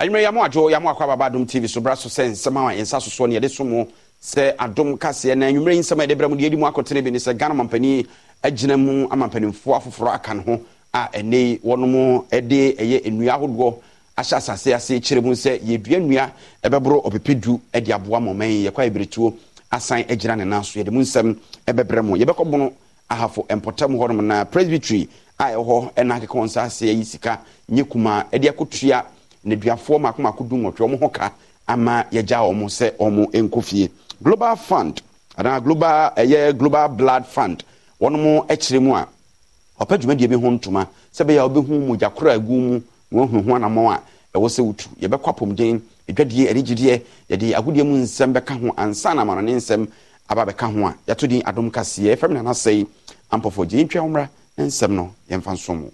anwummerɛ yɛ mo adwo yɛ mo akɔ ababa adom tv so bra so sɛ nsɛm a yɛnsa sosoɔ no yɛde so mo sɛ adom kaseɛ na anwummerɛ yi nsɛm a yɛde brɛ mu deɛ di mu akɔtene bi ne sɛ ghana mampani agyina mu ama mpanimfoɔ afoforɔ aka ne ho a ɛne wɔnom de ɛyɛ nnua ahodoɔ ahyɛ asase ase kyerɛ mu sɛ yɛdua nnua ɛbɛboro ɔpepe du de aboa mɔman yɛkɔ ayɛberɛtuo asan agyina ne nan so yɛde mu nsɛm ɛbɛbrɛ mu yɛbɛkɔ ahafo mpɔtam hɔnom na presbytery a ɛwɔ hɔ ɛna akeka wɔn nsa ase ayi sika nye kumaa ɛde akɔtua nneduafoɔ mako mako du nwɔtwe wɔn ho ka ama yɛgya wɔn sɛ wɔn nkɔ fie global fund anaa global ɛyɛ global blood fund wɔn kyerɛ mu a ɔpɛ dwumadie bi ho ntoma sɛbɛyɛ a wɔbɛhu mu gyakora egu mu na wɔn ho anamɔ a ɛwɔ sɛ wotu yɛbɛkɔ apɔmuden adwadie anigyedeɛ yɛde agodie mu nsɛm bɛka ho ansa na amanɔne nsɛm aba bɛka ho a yɛato din adom kaseɛ ɛfam nana sɛi ampɔfoɔ gye yɛntwa wo nsɛm no yɛmfa nsom wo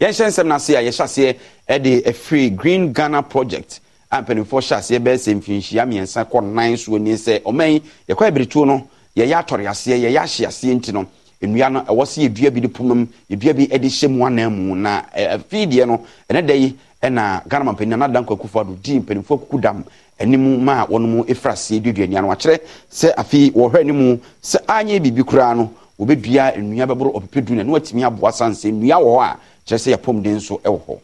yɛnhyɛ nsɛm no ase a yɛhyɛ aseɛ de ɛfiri green ghana project a mpanimfoɔ hyɛ aseɛ bɛyɛ sɛ mfirinhyia mmiɛnsa kɔ nan soɔ ni sɛ ɔman yɛkɔ abiretuo no yɛyɛ atɔre aseɛ yɛyɛ ahye aseɛ nti no nnua no ɛwɔ sɛ yɛdua bi de pomam yɛdua bi de hyɛ mu anan mu na afii deɛ no ɛnɛ da yi ɛna ghana mampanin anadan kɔ akufo ado di mpanimfoɔ kuku dam anim ma wɔn mu efra aseɛ duadua nia no wakyerɛ sɛ afei wɔhwɛ anim sɛ anyɛ biribi no wɔbɛdua nnua bɛboro ɔpepe dunia na watumi aboa sanse nnua wɔ hɔ a kyerɛ sɛ yɛpɔm den nso wɔ hɔ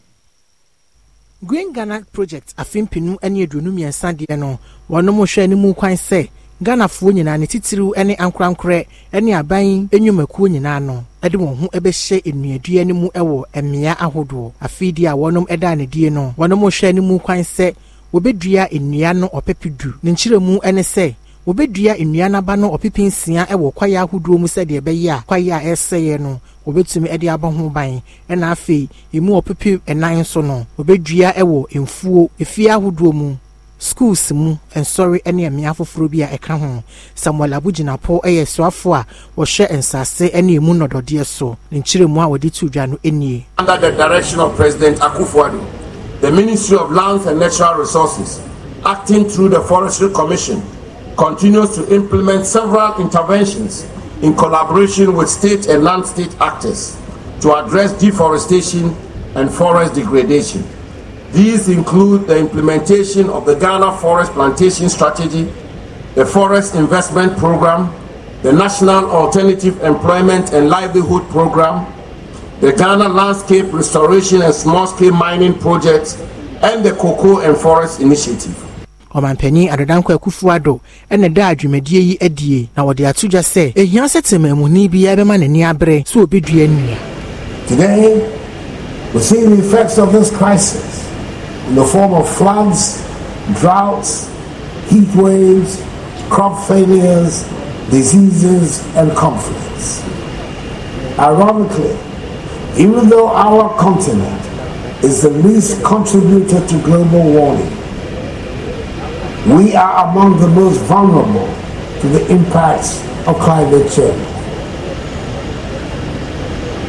green ghana project afempinu ne aduonu mmiɛnsa deɛ no wɔnom hwɛ anim kwan sɛ ghanafoɔ nyinaa ne titiriw ne ankorankorɛ ne aban nnwumakuo nyinaa no de wɔn ho bɛhyɛ nnuadua no mu wɔ mmea ahodoɔ afidi deɛ a wɔnom da anadie no wɔnom hwɛ anim kwan sɛ wɔbɛdua nnua no ɔpepe du ne nkyerɛmu ne sɛ wɔbɛdua nnua n'aba no ɔpepe nsia wɔ kwaeɛ ahodoɔ mu sɛdeɛ ɛbɛyɛ a kwaeɛ a ɛsɛeɛ no wɔbɛtumi de abɔ ho ban ɛna afei emu ɔpepe ɛnan nso no wɔbɛdua wɔ mfuo efie ahodoɔ mu schools mu nsɔre ne mmea foforɔ bi a ɛka ho samuel abugyinapo yɛ suafo a wɔhwɛ nsase ne emu nnɔdɔdeɛ so ne nkyerɛmu a wɔde to dwa no nie. under the direction of president akufo-addo the ministry of lands and natural resources acting through the forestry commission continues to implement several interventions in collaboration with state and non-state actors to address deforestation and forest degradation. These include the implementation of the Ghana Forest Plantation Strategy, the Forest Investment Program, the National Alternative Employment and Livelihood Program, the Ghana Landscape Restoration and Small Scale Mining Project, and the Cocoa and Forest Initiative. ɔmanpanin adedanko akufo ado ɛna da adwumadie yi adie na wɔde ato dwa sɛ ehia sɛ temammuni biara bɛma n'ani abere sɛ obi dua nnua. today we see the effects of this crisis in the form of floods droughts heat waves crop failures diseases and conflicts. Ironically, even though our continent is the least contributor to global warming, we are among the most vulnerable to the impacts of climate change.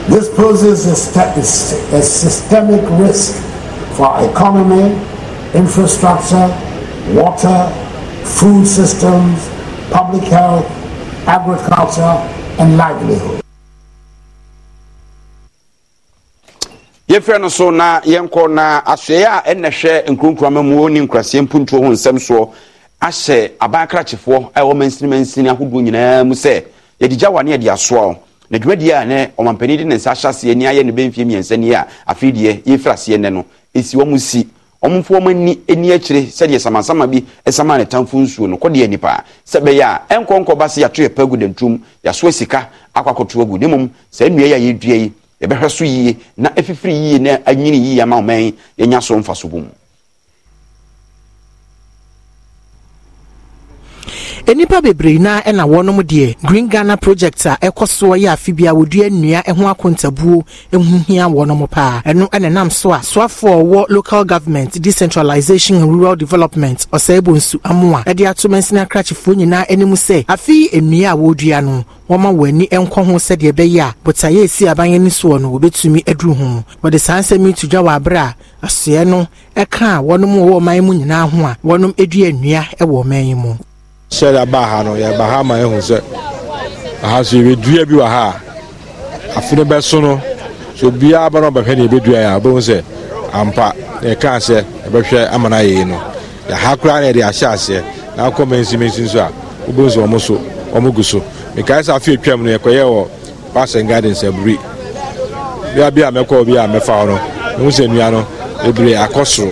This poses a, st- a systemic risk for our economy, infrastructure, water, food systems, public health, agriculture, and livelihood. yɛfrɛ no so na yɛnkɔ na asoɛ a ɛnɛ hwɛ nkuronkurama mu ne nkurasiɛ mpuntuo ho nsɛm soɔ ahyɛ abankrakyefoɔ a ɛwɔ mansinemansini ahodoɔ nyinaa mu sɛ yɛde gya wane yɛde asoa o na dwumadie a ne ɔmampanin de ne nsa ahyɛ aseɛ ni ayɛ ne bɛmfie mmiɛnsa ni a afei deɛ yɛfiri aseɛ nɛ no ɛsi wɔn si ɔmofo wɔn ani ani akyire sɛdeɛ samansama bi ɛsama ne tamfo nsuo no kɔdeɛ nipa sɛ bɛyɛ a ɛnkɔnkɔ ba se yɛato yɛ pa gu dantum yɛasoa sika akɔ akɔto agu ne mmom saa nnua yi a yɛdua yi yɛbɛhwɛ so yie na ɛfifiri yie na anyini yie ama ɔman yɛnya so mfa so bɔ mu nnipa bebree na ɛna wɔnom deɛ green ghana project a ɛkɔ soɔ yɛ afe bi a wɔdua nnua ho akontabuo ho hia wɔnom paa ɛno ɛna so a soafoɔ wɔ local government decentralization and rural development ɔsɛɛbɔnsu amoa ɛde ato mansini akrakyefoɔ nyinaa anim sɛ afei nnua a wɔredua no wɔma wɔn ani nkɔ ho sɛdeɛ ɛbɛyɛ a botaeɛ esi aban ani soɔ no wɔbɛtumi aduru ho wɔde saa nsɛm yi to dwa wɔ abere a asoɛ no ɛka a wɔnom wɔ ɔman mu nyinaa ho a wɔnom adua nnua ɛwɔ ɔman yi mu sɛde abaa ha no yɛba ha ma yɛhu sɛ aha so yɛbɛdua bi wɔ ha a afe no bɛso no so obiara ba no ɔbɛhwɛ ne yɛbɛdua yɛ a wobɛhu sɛ ampa na yɛkaa sɛ ama no ayɛi no yɛha koraa na yɛde ahyɛ aseɛ na akɔ mansimansi nso a wobɛhu sɛ ɔmo so ɔmo gu so mekae sɛ afe atwam no yɛkɔyɛ wɔ pasen bia bi a mɛkɔɔ bi a mɛfa hɔ no mehu sɛ nnua no bebree akɔ soro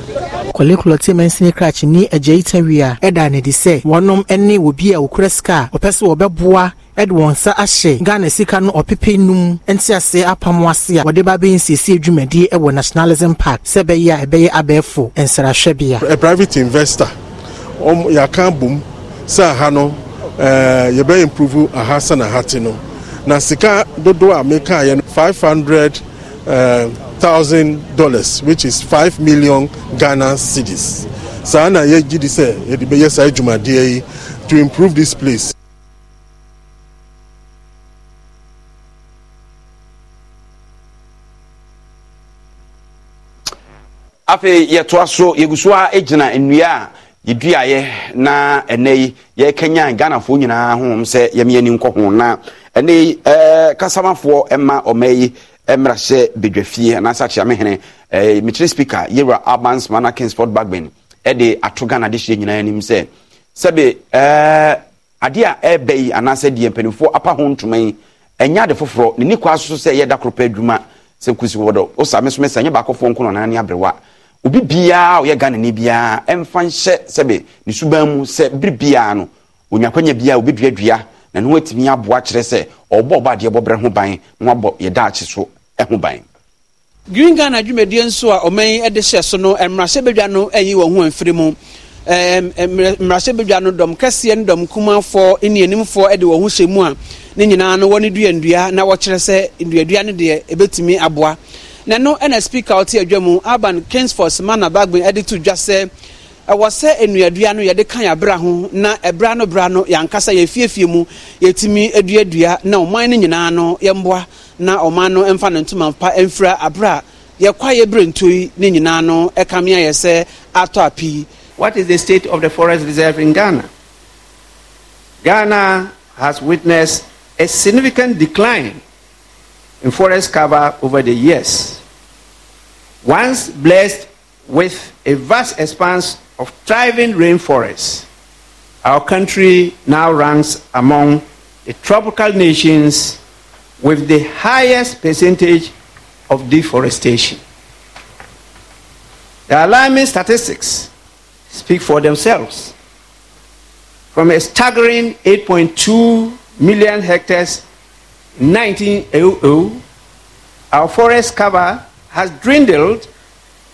kwale kulɔte mansin krakye ne agya yitawie a ɛda ne de sɛ wɔnom ne obi a wɔkura sika a ɔpɛ sɛ wɔbɛboa ɛde wɔn nsa ahyɛ ghana sika no ɔpepe num nti ase apam ase a wɔde ba bɛyɛ nsiesie dwumadie ɛwɔ nationalism park sɛ ɛbɛyɛ a ɛbɛyɛ abɛɛfo nsrahwɛbea. a private investor yɛaka bom sɛ aha no yɛbɛ improve aha sɛ na ha te no na sika dodo a mekaeɛ no 500 uh, thousand dollars which is five million ghana cedis saa na yɛgye di sɛ yɛde bɛyɛ saa dwumadeɛ yi to improve this place. afei yɛtoa so yɛgu so a gyina e nnua a yɛduaeɛ na ɛnɛ yi yɛkanya ghanafoɔ nyinaa ho sɛ yɛmeani nkɔ ho na ɛnɛ yi eh, kasamafoɔ ma ɔma yi mmra hyɛ bedwafie anaasɛ akyeamehene eh, mekyerɛ speaker yɛwura albans mana kingsport bagman ɛde ato ghana de hyerɛ nyinaa anim sɛ sɛbe eh, a ɛreba yi anaasɛ deɛ mpanimfoɔ apa ho ntoma yi ɛnyɛ ade foforɔ ne ni kwaa soso sɛ yɛda koro pɛ adwuma sɛ kusi wɔ dɔ wosa me somɛ sɛ nyɛ baakɔfoɔ nko nɔnaa ne aberewa obi biara ɔyɛ ghana ni biara ɛmfa nhyɛ sɛbe ne suban mu sɛ bere no onyakwanya biara obi duadua na ne watumi aboa kyerɛ sɛ ɔbɔ ɔbɔ adeɛ bɔbrɛ ho ban na wabɔ yɛdaakye so ho ban green ghana adwumadie nso a ɔman yi de hyɛ so no eh, mmarahyɛbadwa no ayi wɔn ho mfiri mu eh, eh, mmarahyɛbadwa no dɔm kɛseɛ ne dɔm kumafoɔ ne animfoɔ de wɔn ho hyɛ mu a ne nyinaa no wɔne dua ndua na wɔkyerɛ sɛ nduadua no deɛ ɛbɛtumi aboa na no na speaker ɔte adwa mu aban kingsford manabagben de to dwa sɛ ɛwɔ sɛ no yɛde ka ho na ɛbra no bra no yɛfiefie mu yɛtumi na ɔman no nyinaa no yɛmboa na ɔman no mfa ntoma mpa mfira abra yɛkwa yi ne nyinaa no sɛ atɔ What is the state of the forest reserve in Ghana? Ghana has witnessed a significant decline in forest cover over the years. Once blessed with a vast expanse of thriving rainforests. Our country now ranks among the tropical nations with the highest percentage of deforestation. The alarming statistics speak for themselves. From a staggering 8.2 million hectares in 1900, our forest cover has dwindled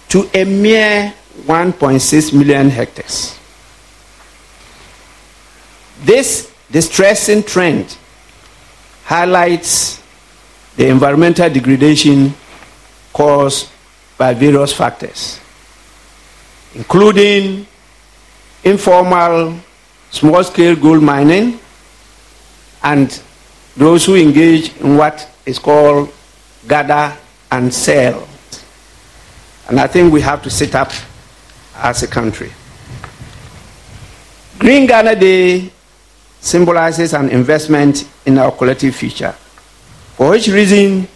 to a mere 1.6 million hectares. This distressing trend highlights the environmental degradation caused by various factors, including informal small scale gold mining and those who engage in what is called gather and sell. And I think we have to sit up as a country. Green Ghana Day symbolizes an investment in our collective future, for which reason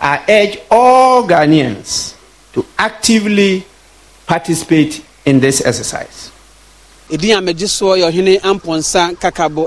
I urge all Ghanaians to actively participate in this exercise. ɛdin a megye soɔ yɛ ɔhene amponsa kakabo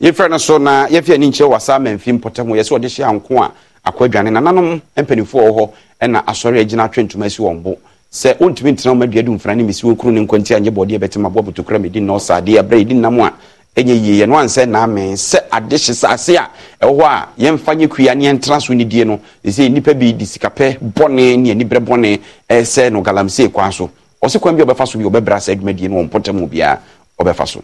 yɛfrɛ no so na yɛfi ani nkyerɛ wɔ asa mamfi mpɔtam yɛ sɛ ɔde hyɛ anko a akɔ adwane nananom mpanimfoɔ wɔ hɔ ɛna asɔre agyina atwe ntoma asi wɔn bo sɛ ontumi ntena wɔn aduadu mfra ne misi okuru ne nkwanti anyɛ bɔdeɛ bɛtɛm aboa botokura mi di nɔɔsa adeɛ abira edi nam a ɛnyɛ yie yɛn no ansɛ naame sɛ ade hye saase a ɛwɔ hɔ a yɛmfa nye kuya ne yɛntena so ne die no ɛsɛ nipa bi di sikapɛ bɔne ne anibrɛ bɔne ɛsɛ no galamsey kwan so ɔsi kwan bi ɔbɛfa so bi ɔbɛbra sɛ adwumadie no wɔn mpɔtam obiara ɔbɛfa so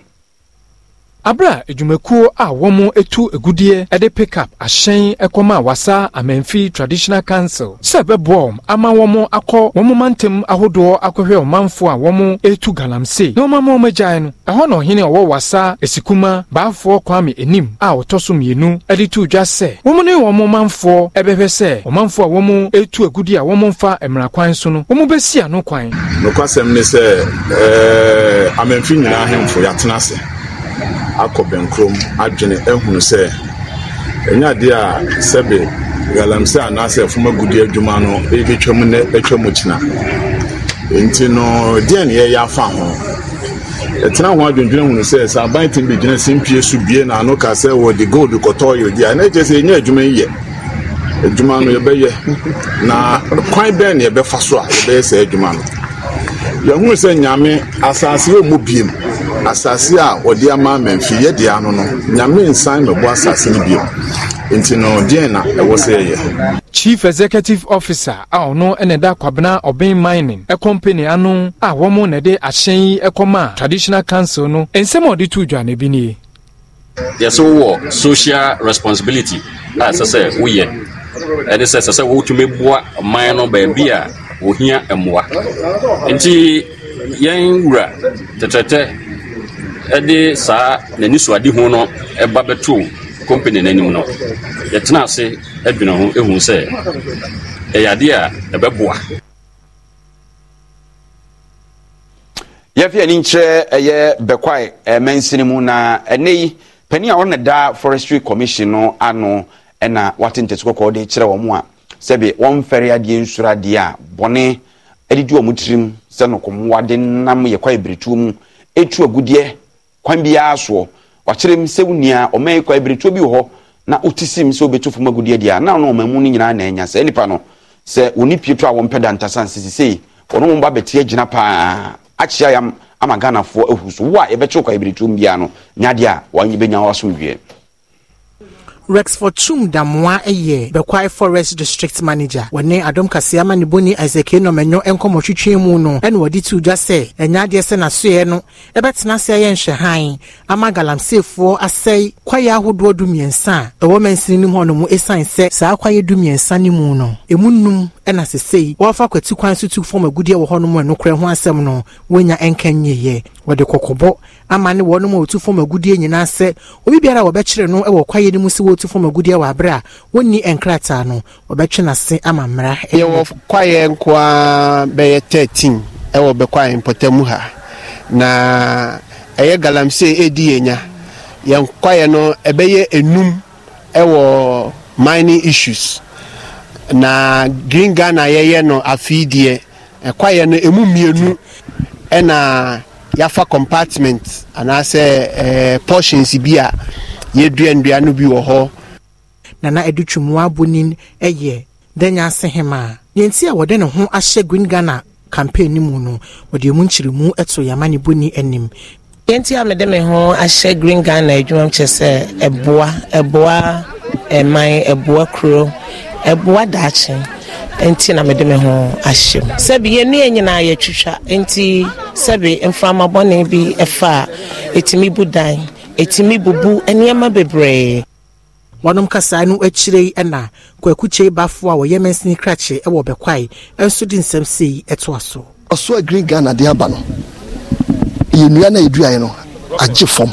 abra adwumakuo a wɔn etu egudeɛ de pickup ahyɛn kɔma wasa amanfi traditional council sɛ ɛbɛboa wɔn ama wɔn akɔ wɔn mantam ahodoɔ akɔhwɛ ɔmanfo a wɔn etu galamsey na wɔn ama wɔn agyae no ɛhɔ na ɔhene ɔwɔ wasa esikuma baafoɔ kwame enim a ɔtɔ so mmienu de tu dwa sɛ wɔn ne wɔn manfoɔ bɛhwɛ sɛ ɔmanfoɔ a wɔn etu egudeɛ a wɔn mfa mmerakwan kwan so no wɔn bɛsi ano kwan. nokwasɛm ne sɛ ɛɛ amanfi nyinaa ahemfo yɛatena ase. akɔ bɛnkurom adwene ɛhunu sɛ ɛnyɛ adeɛ a sɛbe galamsey anaasɛ ɛfuma gudi adwuma no ebetwa mu ne etwa mu kyina nti no deɛ ne yɛyɛ afa ho ɛtena ho adwendwene hunu sɛ sɛ aban tem bɛgyina simpie so bie na ano ka sɛ wɔde gold kɔtɔɔ yɛ odi a ɛna ɛkyɛ sɛ ɛnyɛ adwuma yi yɛ adwuma no yɛbɛyɛ na kwan bɛn ne yɛbɛfa so a yɛbɛyɛ saa adwuma no yɛhunu sɛ nyame asase wɔ mu biem asase a wɔde ama mɛmfi yɛde ano no nyame nsan mɛbɔ asase no biem nti no deɛn na ɛwɔ sɛ yɛyɛ chief executive officer a ɔno na ɛda kwabena ɔbɛn mining company ano a wɔn na ɛde ahyɛn yi kɔma traditional council no nsɛm a ɔde to dwane bi nie yɛsɛ wowɔ social responsibility a ɛsɛ sɛ woyɛ ɛne sɛ ɛsɛ sɛ wotumi boa man no baabi a ohia mmoa nti yɛn wura tɛtɛtɛ ɛde saa n'ani so ade ho no ɛba bɛto company n'anim no yɛtena ase adwene ho ehu sɛ ɛyɛ adeɛ a ɛbɛboa. yɛfɛ ani nkyerɛ ɛyɛ bɛkwae ɛmɛnsini mu na ɛnɛ yi panin a ɔne da forestry commission no ano ɛna wate ntɛsi kɔkɔɔ de kyerɛ wɔn a sɛbi wɔmfɛre adeɛ nsura adeɛ a bɔne adidi wɔn tirim sɛ nokɔmmoade nam yɛ kwa ebiretuo mu etu agudeɛ kwan biara soɔ wakyerɛ mu sɛ wunia ɔmɛ yi kwa ebiretuo bi wɔ hɔ na wote sim sɛ wobɛtu fam agudeɛ deɛ a na ɔno ɔmamu no nyinaa na ɛnya sɛ nipa no sɛ wɔne pie to a wɔmpɛ dantasa nsesisei wɔno mo ba bɛte agyina paa akyea yam ama ghanafoɔ ahu so wo a yɛbɛkyew kwa ebiretuo mu biara no nyadeɛ a wɔanye bɛnya wɔ asomdwie rex fortum damoa yɛ bɛkwae forest district manager wɔne adom kaseama ne boni isaac enɔmɛnyɔ nkɔmmɔtwitwe mu no ɛna wɔde ti dwa sɛ ɛnya adeɛ sɛ n'asoɛ no ɛbɛtena ase ayɛ nhwɛhan ama galamseefoɔ asɛe kwaeɛ ahodoɔ du mmiɛnsa a ɛwɔ mansini nim hɔnom ɛsiane sɛ saa kwaeɛ du mmiɛnsa ni mu no ɛmu num ɛna sesei se. kwati kwan so tu tu fam agudeɛ wɔ hɔnom ɛnokorɛ ho asɛm no wɔnya ɛnka nyeyɛ wɔde kɔkɔbɔ ama ne wɔn a wɔtu fam agudie nyinaa sɛ obi biara wɔbɛkyerɛ no wɔ kwaeɛ no mu sɛ wɔtu fam agudie wɔ abere a wɔnni nkrataa no wɔbɛtwe n'ase ama mmara. yɛwɔ kwaeɛ nkoa bɛyɛ thirteen ɛwɔ bɛkwaeɛ mu ha na ɛyɛ galamsey edi yɛnya yɛn kwaeɛ no ɛbɛyɛ enum ɛwɔ mining issues na green ghana yɛyɛ no afei deɛ ɛkwaeɛ no emu mmienu ɛna. yɛafa compartment anaasɛ eh, portions bi a yɛdua nnua no bi wɔ hɔ nana adutwumua abonin yɛ danya hema yɛnti a wɔde ne ho ahyɛ green ghana campaign no mu no wɔde mu nkyerɛmu to yɛama ne anim yɛnti a mede me ho ahyɛ green ghana adwuma kyerɛ sɛ ɛboa ɛboa ɛman ɛboa kuro ɛboa daakye nti na mede me ho ahyɛ mu sɛbi yɛn nua nyinaa yɛtwitwa nti sɛbi mframa bi fa a ɛtumi bu dan ɛtumi bubu nneɛma bebree wɔnom kasaa no akyire yi ɛna kwakukyei bafo a wɔyɛ mansini krakye ɛwɔ bɛkwae ɛnso de nsɛm sei ɛtoa so ɔso a green ghana de aba no yɛnnua na a yɛduaeɛ no agye fam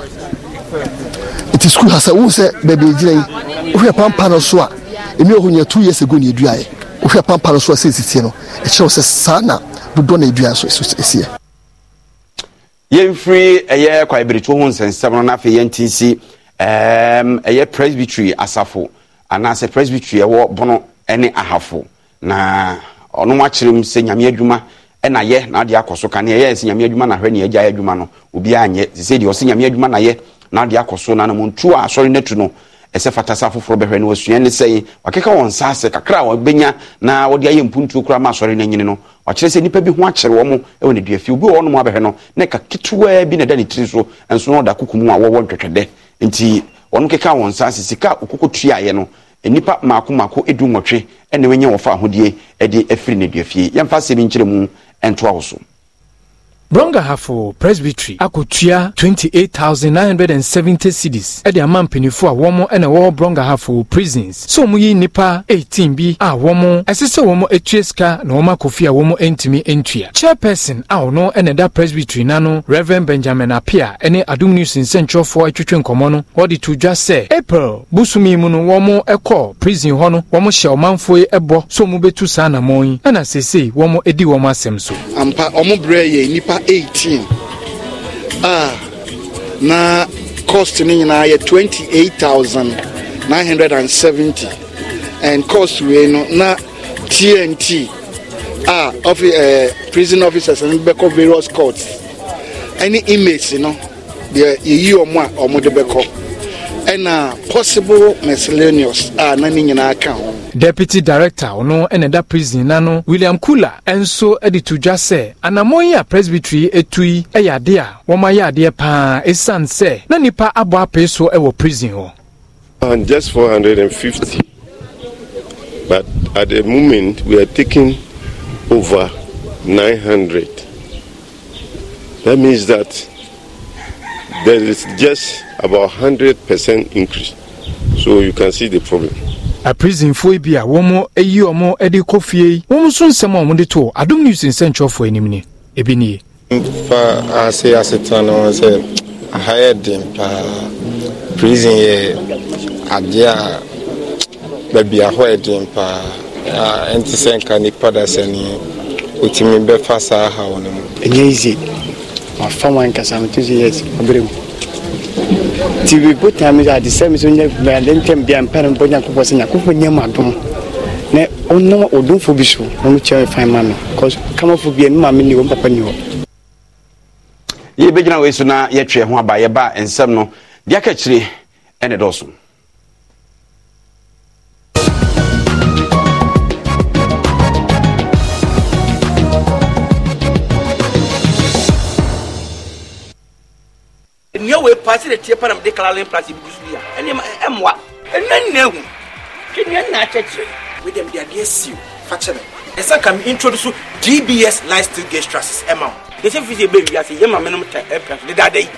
nti sukuu ha sɛ wohu sɛ baabi ɛgyina yi wohwɛ pampa no so a ɛnu ɛhɔ nya two years ago ne yɛduaeɛ wohwɛ pampa no so a sɛsisiɛ no ɛkyerɛ sɛ saa na dodoɔ na ɛdua so ɛsiɛ yɛmfiri ɛyɛ kwaeberetuo ho nsɛnsɛm no na afei yɛnti si ɛyɛ presbytery asafo anaasɛ presbytery ɛwɔ bono ne ahafo na ɔno akyerɛ mu sɛ nyame adwuma ɛna yɛ na ade akɔ so kane ɛyɛ sɛ nyame adwuma na hwɛ ne agya adwuma no obiaa nyɛ sɛ sɛ deɛ ɔsɛ nyame adwuma na yɛ na ade akɔ so na namontu a asɔre no atu no ɛsɛ fata sa foforɔ bɛhwɛ no wasua ne sɛ wakeka wɔn nsa ase kakra a wɔbɛnya na wɔde ayɛ mpuntuo koraa ma asɔre no anyini no wakyerɛ sɛ nnipa bi ho akyere wɔ mo ɛwɔ ne duafi obi wɔ ɔnom abɛhwɛ no na ka ketewaa bi na ɛda ne tiri so ɛnso na ɔda koko mu a wɔwɔ ntwɛtwɛdɛ nti wɔn keka wɔn nsa ase sika okoko tuaeɛ no nnipa mako mako edu nwɔtwe ɛna wɔnyɛ wɔfa ahodie ɛde afiri ne duafie yɛmfa asɛm nkyerɛ mu ɛntoa wo so brongahafo presbytery akotua 28970 cities ɛde ama mpanyinfoɔ a wɔn ɛna wɔwɔ brongahafo prisons so wɔn yi nnipa 18 bi a wɔn ɛsɛ sɛ wɔn atua sika na wɔn akɔfi a wɔn ntumi ntua chairperson a ɔno ɛna ɛda presbytery n'ano reverend benjamin apia ɛne adum news nsɛntwerɛfoɔ atwitwe nkɔmɔ no wɔde to dwa sɛ april busumi mu no wɔn ɛkɔ prison hɔ no wɔn hyɛ ɔmanfoɔ yi ɛbɔ so wɔn bɛtu saa anamɔn yi ɛna sese wɔn edi wɔn asɛm so. ampa wɔn brɛ yɛ nipa chapter 18 a na cost no nyinaa yɛ hundred and seventy. And cost wei no na tnt a ah, office, uh, prison officers no bɛkɔ various courts ɛne inmates no deɛ yɛyi ɔmo a ɔmo de bɛkɔ ɛna possible miscellaneous a na ne nyinaa ka ho deputy director ɔno ɛna ɛda prison na no william kula ɛnso de to dwa sɛ anammɔn yi a presbytery etu yi yɛ ade a wɔma yɛ adeɛ paa ɛsiane sɛ na nipa abɔ apee so wɔ prison hɔ and just 450 but at the moment we are taking over nine hundred. that means that there is just about 100% increase. So you can see the problem. aprisonfoɔ yi bi a wɔn ayi wɔn de kɔ fie yi wɔn nso nsɛm a wɔn de to adum news nsɛntwerɛfoɔ anim ni ebi nie. mfa ase asetena na wɔn sɛ aha yɛ den paa prison yɛ adeɛ a baabi ahɔ yɛ den paa a ɛnte sɛ nka nipa da sɛ ne otumi bɛfa saa ha wɔn mu. ɛnyɛ easy wafa wɔn ankasa no ti sɛ yɛs abere mu nti bibotame sɛ ade sɛ me so nyade ntɛm bia mpa no mpɔ nyankopɔn sɛ nyankopɔn nyɛ m adom na ɔnam ɔdomfo bi so na mokyɛ me fan ma me bcause kamafo bia me ma me ni wɔ mpapa ni hɔ yɛbɛgyina wei so na yɛtwe ho aba yɛba nsɛm no deɛ aka kyire ɛne dɔɔso paase de tie panam de kala len place bi dusu bi a ɛnneɛma ɛmoa ɛnna nna ehu kenya nna akyɛkyerɛ wei dɛm de adeɛ siw fa kyerɛ ɛsan ka mi introduce dbs life still gate traces ɛma wo yɛsɛ fi sɛ ɛbɛ wiase yɛ ma menom ta ɛpia so dedaada yi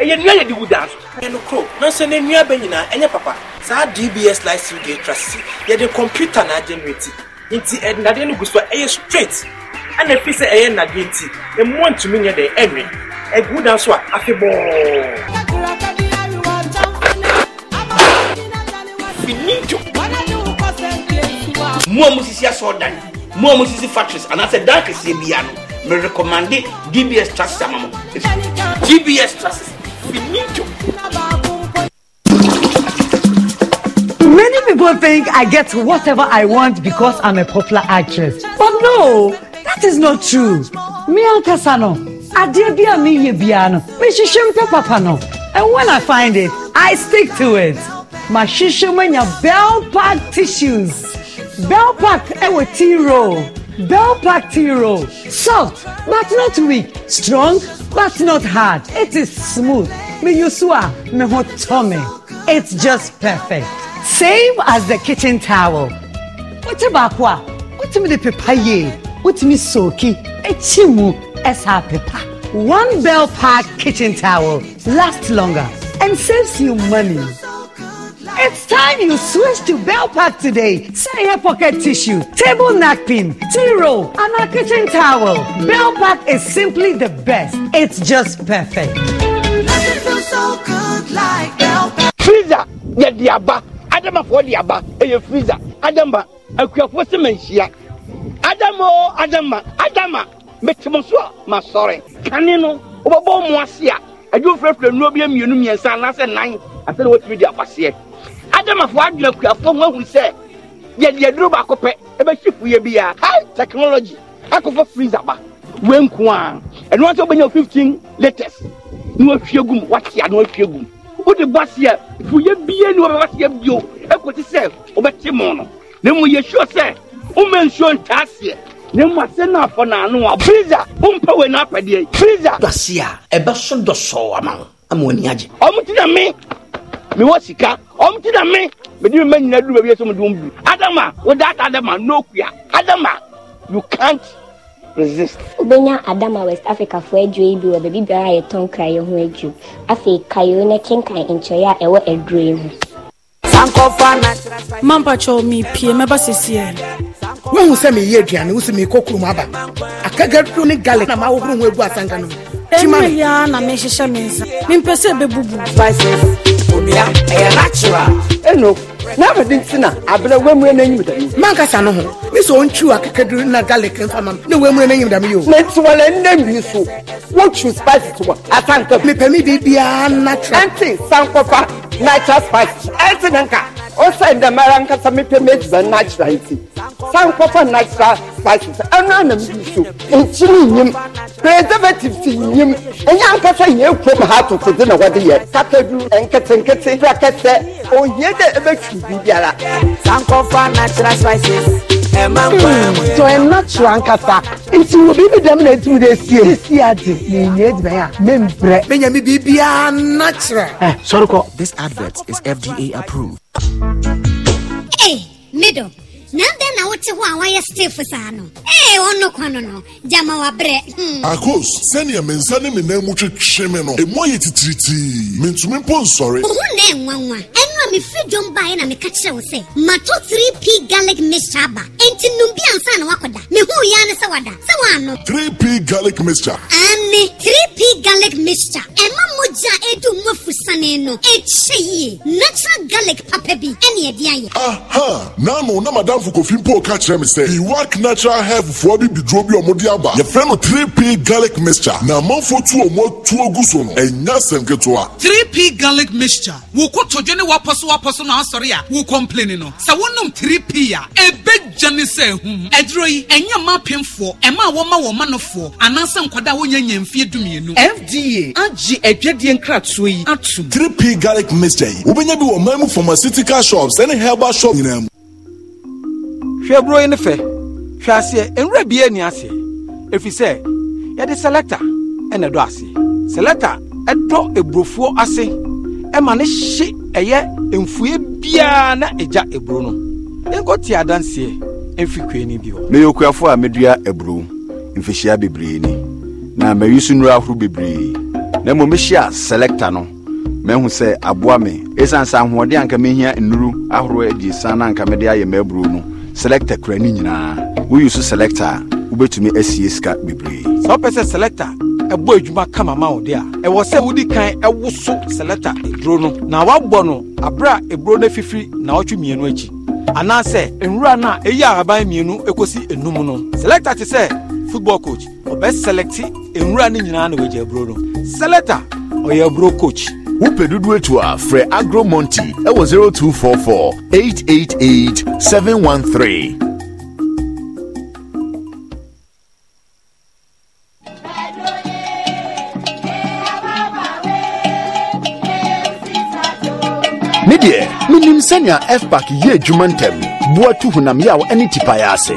ɛyɛ nnua yɛ de dan so ɛno kuro nanso ne nnua bɛ nyinaa ɛnyɛ papa saa dbs life still gate traces yɛde kɔmputa na agyɛnwɛti nti ɛnadeɛ no gu so a ɛyɛ straight ɛna fi sɛ ɛyɛ nnadeɛ nti ɛmmoa ɛgu da so a afebɔɔ mo a mo sisi asɔɔdan mo a mo sisi factories anaasɛ dan kɛseɛ bia dbs trust ama dbs trust finito Many people think I get whatever I want because I'm a popular actress. But no, that is not true. Me and Kasano adeɛ bi a meyɛ biara no mehyehyɛ m pɛ papa no and when i find it i stick to it mahyehyɛ m anya bell pack tissues bell pack ɛwɔ T roll bell pack T roll soft but not weak strong but not hard it is smooth Me so a me ho tɔ me it's just perfect same as the kitchen towel wote baako a wotumi de pepa yie wotumi sooki ekyi mu. ASAP. One Bell Park kitchen towel lasts longer and saves you money. It's time you switch to Bell Park today. Say your pocket tissue, table napkin, tea roll, and a kitchen towel. Bell Park is simply the best. It's just perfect. Freezer, yeah, diaba. Adama for diaba. Hey, freezer. Adama, I'm going to Adamo, Adama, Adama. mɛtɛmɔ so a masɔre kane no wobɛbɔ mu ase a adwo firafira nnuo bi mmienu mmiɛnsa anaasɛ nan asɛ na watumi di akwaseɛ adamafoɔ adwena kuafoɔ ho ahunu sɛ yɛde aduro baako pɛ ɛbɛhye fuyɛ biara high technology akɔfɔ freezer ba wenku a ɛno ase wobɛnya fifteen latest na wahwie gum watea na wahwie gum wode bɔ aseɛ fuyɛ bie ne wɔbɛba aseɛ bio ɛkɔte sɛ wobɛte mo no na mmom yɛsuo sɛ woma nsuo ntaa aseɛ ne mu ase na afɔ n'ano a freezer wompɛ wei na apɛdeɛ yi freezer dɔse a ɛbɛso dɔsɔɔ ama wo ama w'ani agye ɔmo ti na me mewɔ sika ɔmo ti na me mede me ma nyina duru baabi sɛ mede wo bi adama wodaata adama nokua adama you can't resist. wobɛnya adama west africafoɔ aduro yi bi wɔ baabi biara a yɛtɔn kraeɛ ho aduro afei kayo ne kenkan nkyɛeɛ a ɛwɔ aduro yi ho mampakyɛw mepie mɛba sesie wohu sɛ meyɛ aduane wo sɛ meekɔ kurom aba akagaduro ne garlic na mahohoro ho agu asanka no ɛmɛyɛa na mehyehyɛ me nsa mempɛ sɛ bɛbubu na mede nti na abrɛ wammure no anyim dame mankasa no ho me sɛ ɔntwiw akakaduro na garlic mfa ma na wammure no anyim dame yɛ o mentiwa na bi so wotwiw spices wɔ asanka mepɛ me biribiaa natural ɛnte sankɔfa natural spices ɛnte ne nka ɔsɛ ndɛ nkasa mepɛ m'aduba no natural nti ɔsan uh, kɔfa oh, natural spices anam bi mm, so nkyiri nyim preservative ti nyim ɛnyɛ ankasa yɛn kurom ha tete de na wɔde yɛ kakadu nketenkete frakɛsɛ oyie dɛ ɛbɛtwi biribiara. sankɔfa natural spices. Join natural nkasa nti wo biribi dɛm na etum de esie. Sisi adi na enye edibɛn a membrɛ. Menyami biribiara natural. Ɛ kɔ. This advert is FDA approved. Hey, middle nandɛn na wote hɔ a wayɛ stef saa no ee eh, ɔno kwa no no gyama wabrɛ hmm. akos sɛnea me nsa ne me nan mu twetwe me no ɛmu e ayɛ titiritii mentumi mpo nsɔre ohu na ɛnwanwa ɛno a mefiri dwom baeɛ na meka kyerɛ wo sɛ mato 3p garlic mixture aba enti nom bi ansa na wakɔda mehuu yɛa ne sɛ wada sɛ woano 3p garlic mixture ane 3p garlic mixture ɛma mogya a ɛdu mu afusane no ɛkyɛ yie natural garlic papa bi ɛne ɛde ayɛ aha naano na madam asɔfo kofi mpo ka kyerɛ me sɛ iwak natural health foɔ bi biduro bi ɔmo de aba yɛfrɛ no 3p garlic mixture na amanfo tu ɔmo atu agu so no ɛnya sɛm ketewa 3p garlic mixture wo ko todwe ne wapɔ so wapɔ so na asɔre a wo complain no sɛ wonom 3p a ɛbɛgya ne sɛ hum aduro yi ɛnyɛ ma pemfoɔ ɛma a wɔma wɔn ma nofoɔ anaasɛ nkwadaa a wɔnya nya mfie dumienu fda agye adwadeɛ nkratoɔ yi atum 3p garlic mixture yi wobɛnya bi wɔ man mu pharmaceutical shops ɛne herbal shop hwɛ aburo yi ne fɛ hwɛ aseɛ nwura bie ni aseɛ efi sɛ yɛde selector ɛna ɛdɔ aseɛ selector ɛdɔ eburofoɔ ase ɛma ne hye ɛyɛ mfue biara na egya eburo no nkɔ tie adanseɛ mfi kue ni bi hɔ. meyɛ okuafo a medua aburo mfihyia bebree ni na mayi so nnuro ahorow bebree na mmom mehyia selector no mahu sɛ aboa me ɛsiane sɛ ahoɔden anka mehia nnuro ahorow abiesa na anka mede ayɛ m'aburo no selector kura ne nyinaa woyi so selector wobɛtumi asie sika bebree sɛ wopɛ sɛ selector ɛbɔ adwuma kama ma wo de a ɛwɔ sɛ wodi kan ɛwoso selector eduro no na wabɔ no aberɛ a eburo no afifiri na ɔtwe mmienu akyi anaasɛ nwura no a ɛyi ahaban mmienu ɛkɔsi enum no selector te sɛ football coach ɔbɛselɛkte nwura no nyinaa na wagya aburo no selector ɔyɛ aburo coach wopɛ dodoɔ etu a agromonti. agro monti zero two four four eight eight eight seven one three. ne mi menim sɛnea fpak yɛ adwuma ntɛm boa tu honam yaw ne tipayɛ ase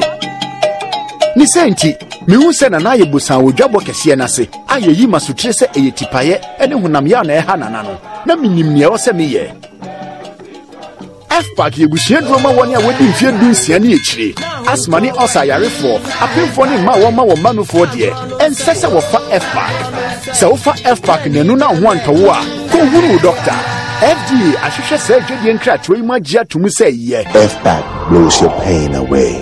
ne sɛ nti mehu sɛ nana ayɛ bosan wɔ dwabɔ kɛseɛ no a yɛyi ma sotire sɛ ɛyɛ tipaeɛ ne honamyɛ na ɛha nana no na menim nea ɛwɔ sɛ meyɛ fpak yɛbusua duro ma wɔne a wɔdi mfeɛ du ne akyire asma ne ɔsa ayarefoɔ apemfoɔ ne mmaa wɔma wɔ mma nofoɔ deɛ ɛnsɛ sɛ wɔfa fpak sɛ wofa fpak nanu na ho antɔwo a kɔhunu wo dɔkta fda ahwehwɛ saa adwadeɛ nkratoɔ yi mu agye ato sɛ yɛ fpak blows your pain away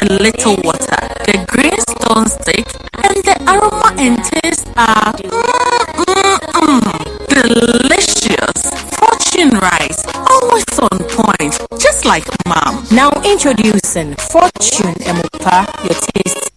A little water. The green stone stick, and the aroma and taste are mm, mm, mm, delicious. Fortune rice, always on point, just like mom. Now introducing Fortune Emopa, your taste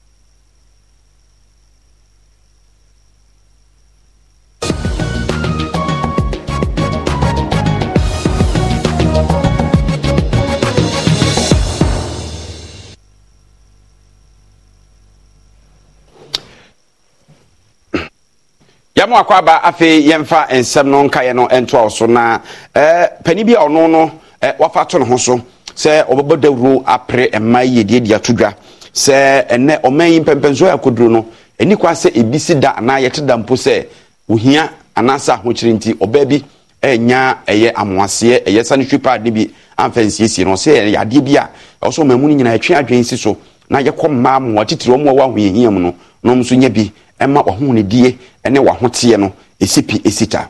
yɛma wakɔ aba afei yɛmfa nsɛm no nkaeɛ no ntoa so na eh, pani bi a ɔno no eh, wafa to ne ho so sɛ ɔbɛbɔ dawuro apere mma yi yɛdeɛ di ato dwa sɛ ɛnɛ ɔman yi mpɛmpɛnsoɔ yɛ akɔduro no ɛni kwa sɛ ebi si da anaa yɛte da mpo sɛ ohia anaasɛ ahokyere nti ɔbaa bi ɛnya eh, ɛyɛ amoaseɛ ɛyɛ sanitary pad ne bi amfa nsiesie no sɛ yadeɛ bi a ɔsɛ ɔman no nyinaa ɛtwe adwene si so na yɛkɔ mmaa mmoa titiri wɔn a wɔahoyɛhia mu no na wɔn nyɛ bi ɛma w'ahonedeɛ ne w'ahoteɛ no ɛsi pi ɛsi taa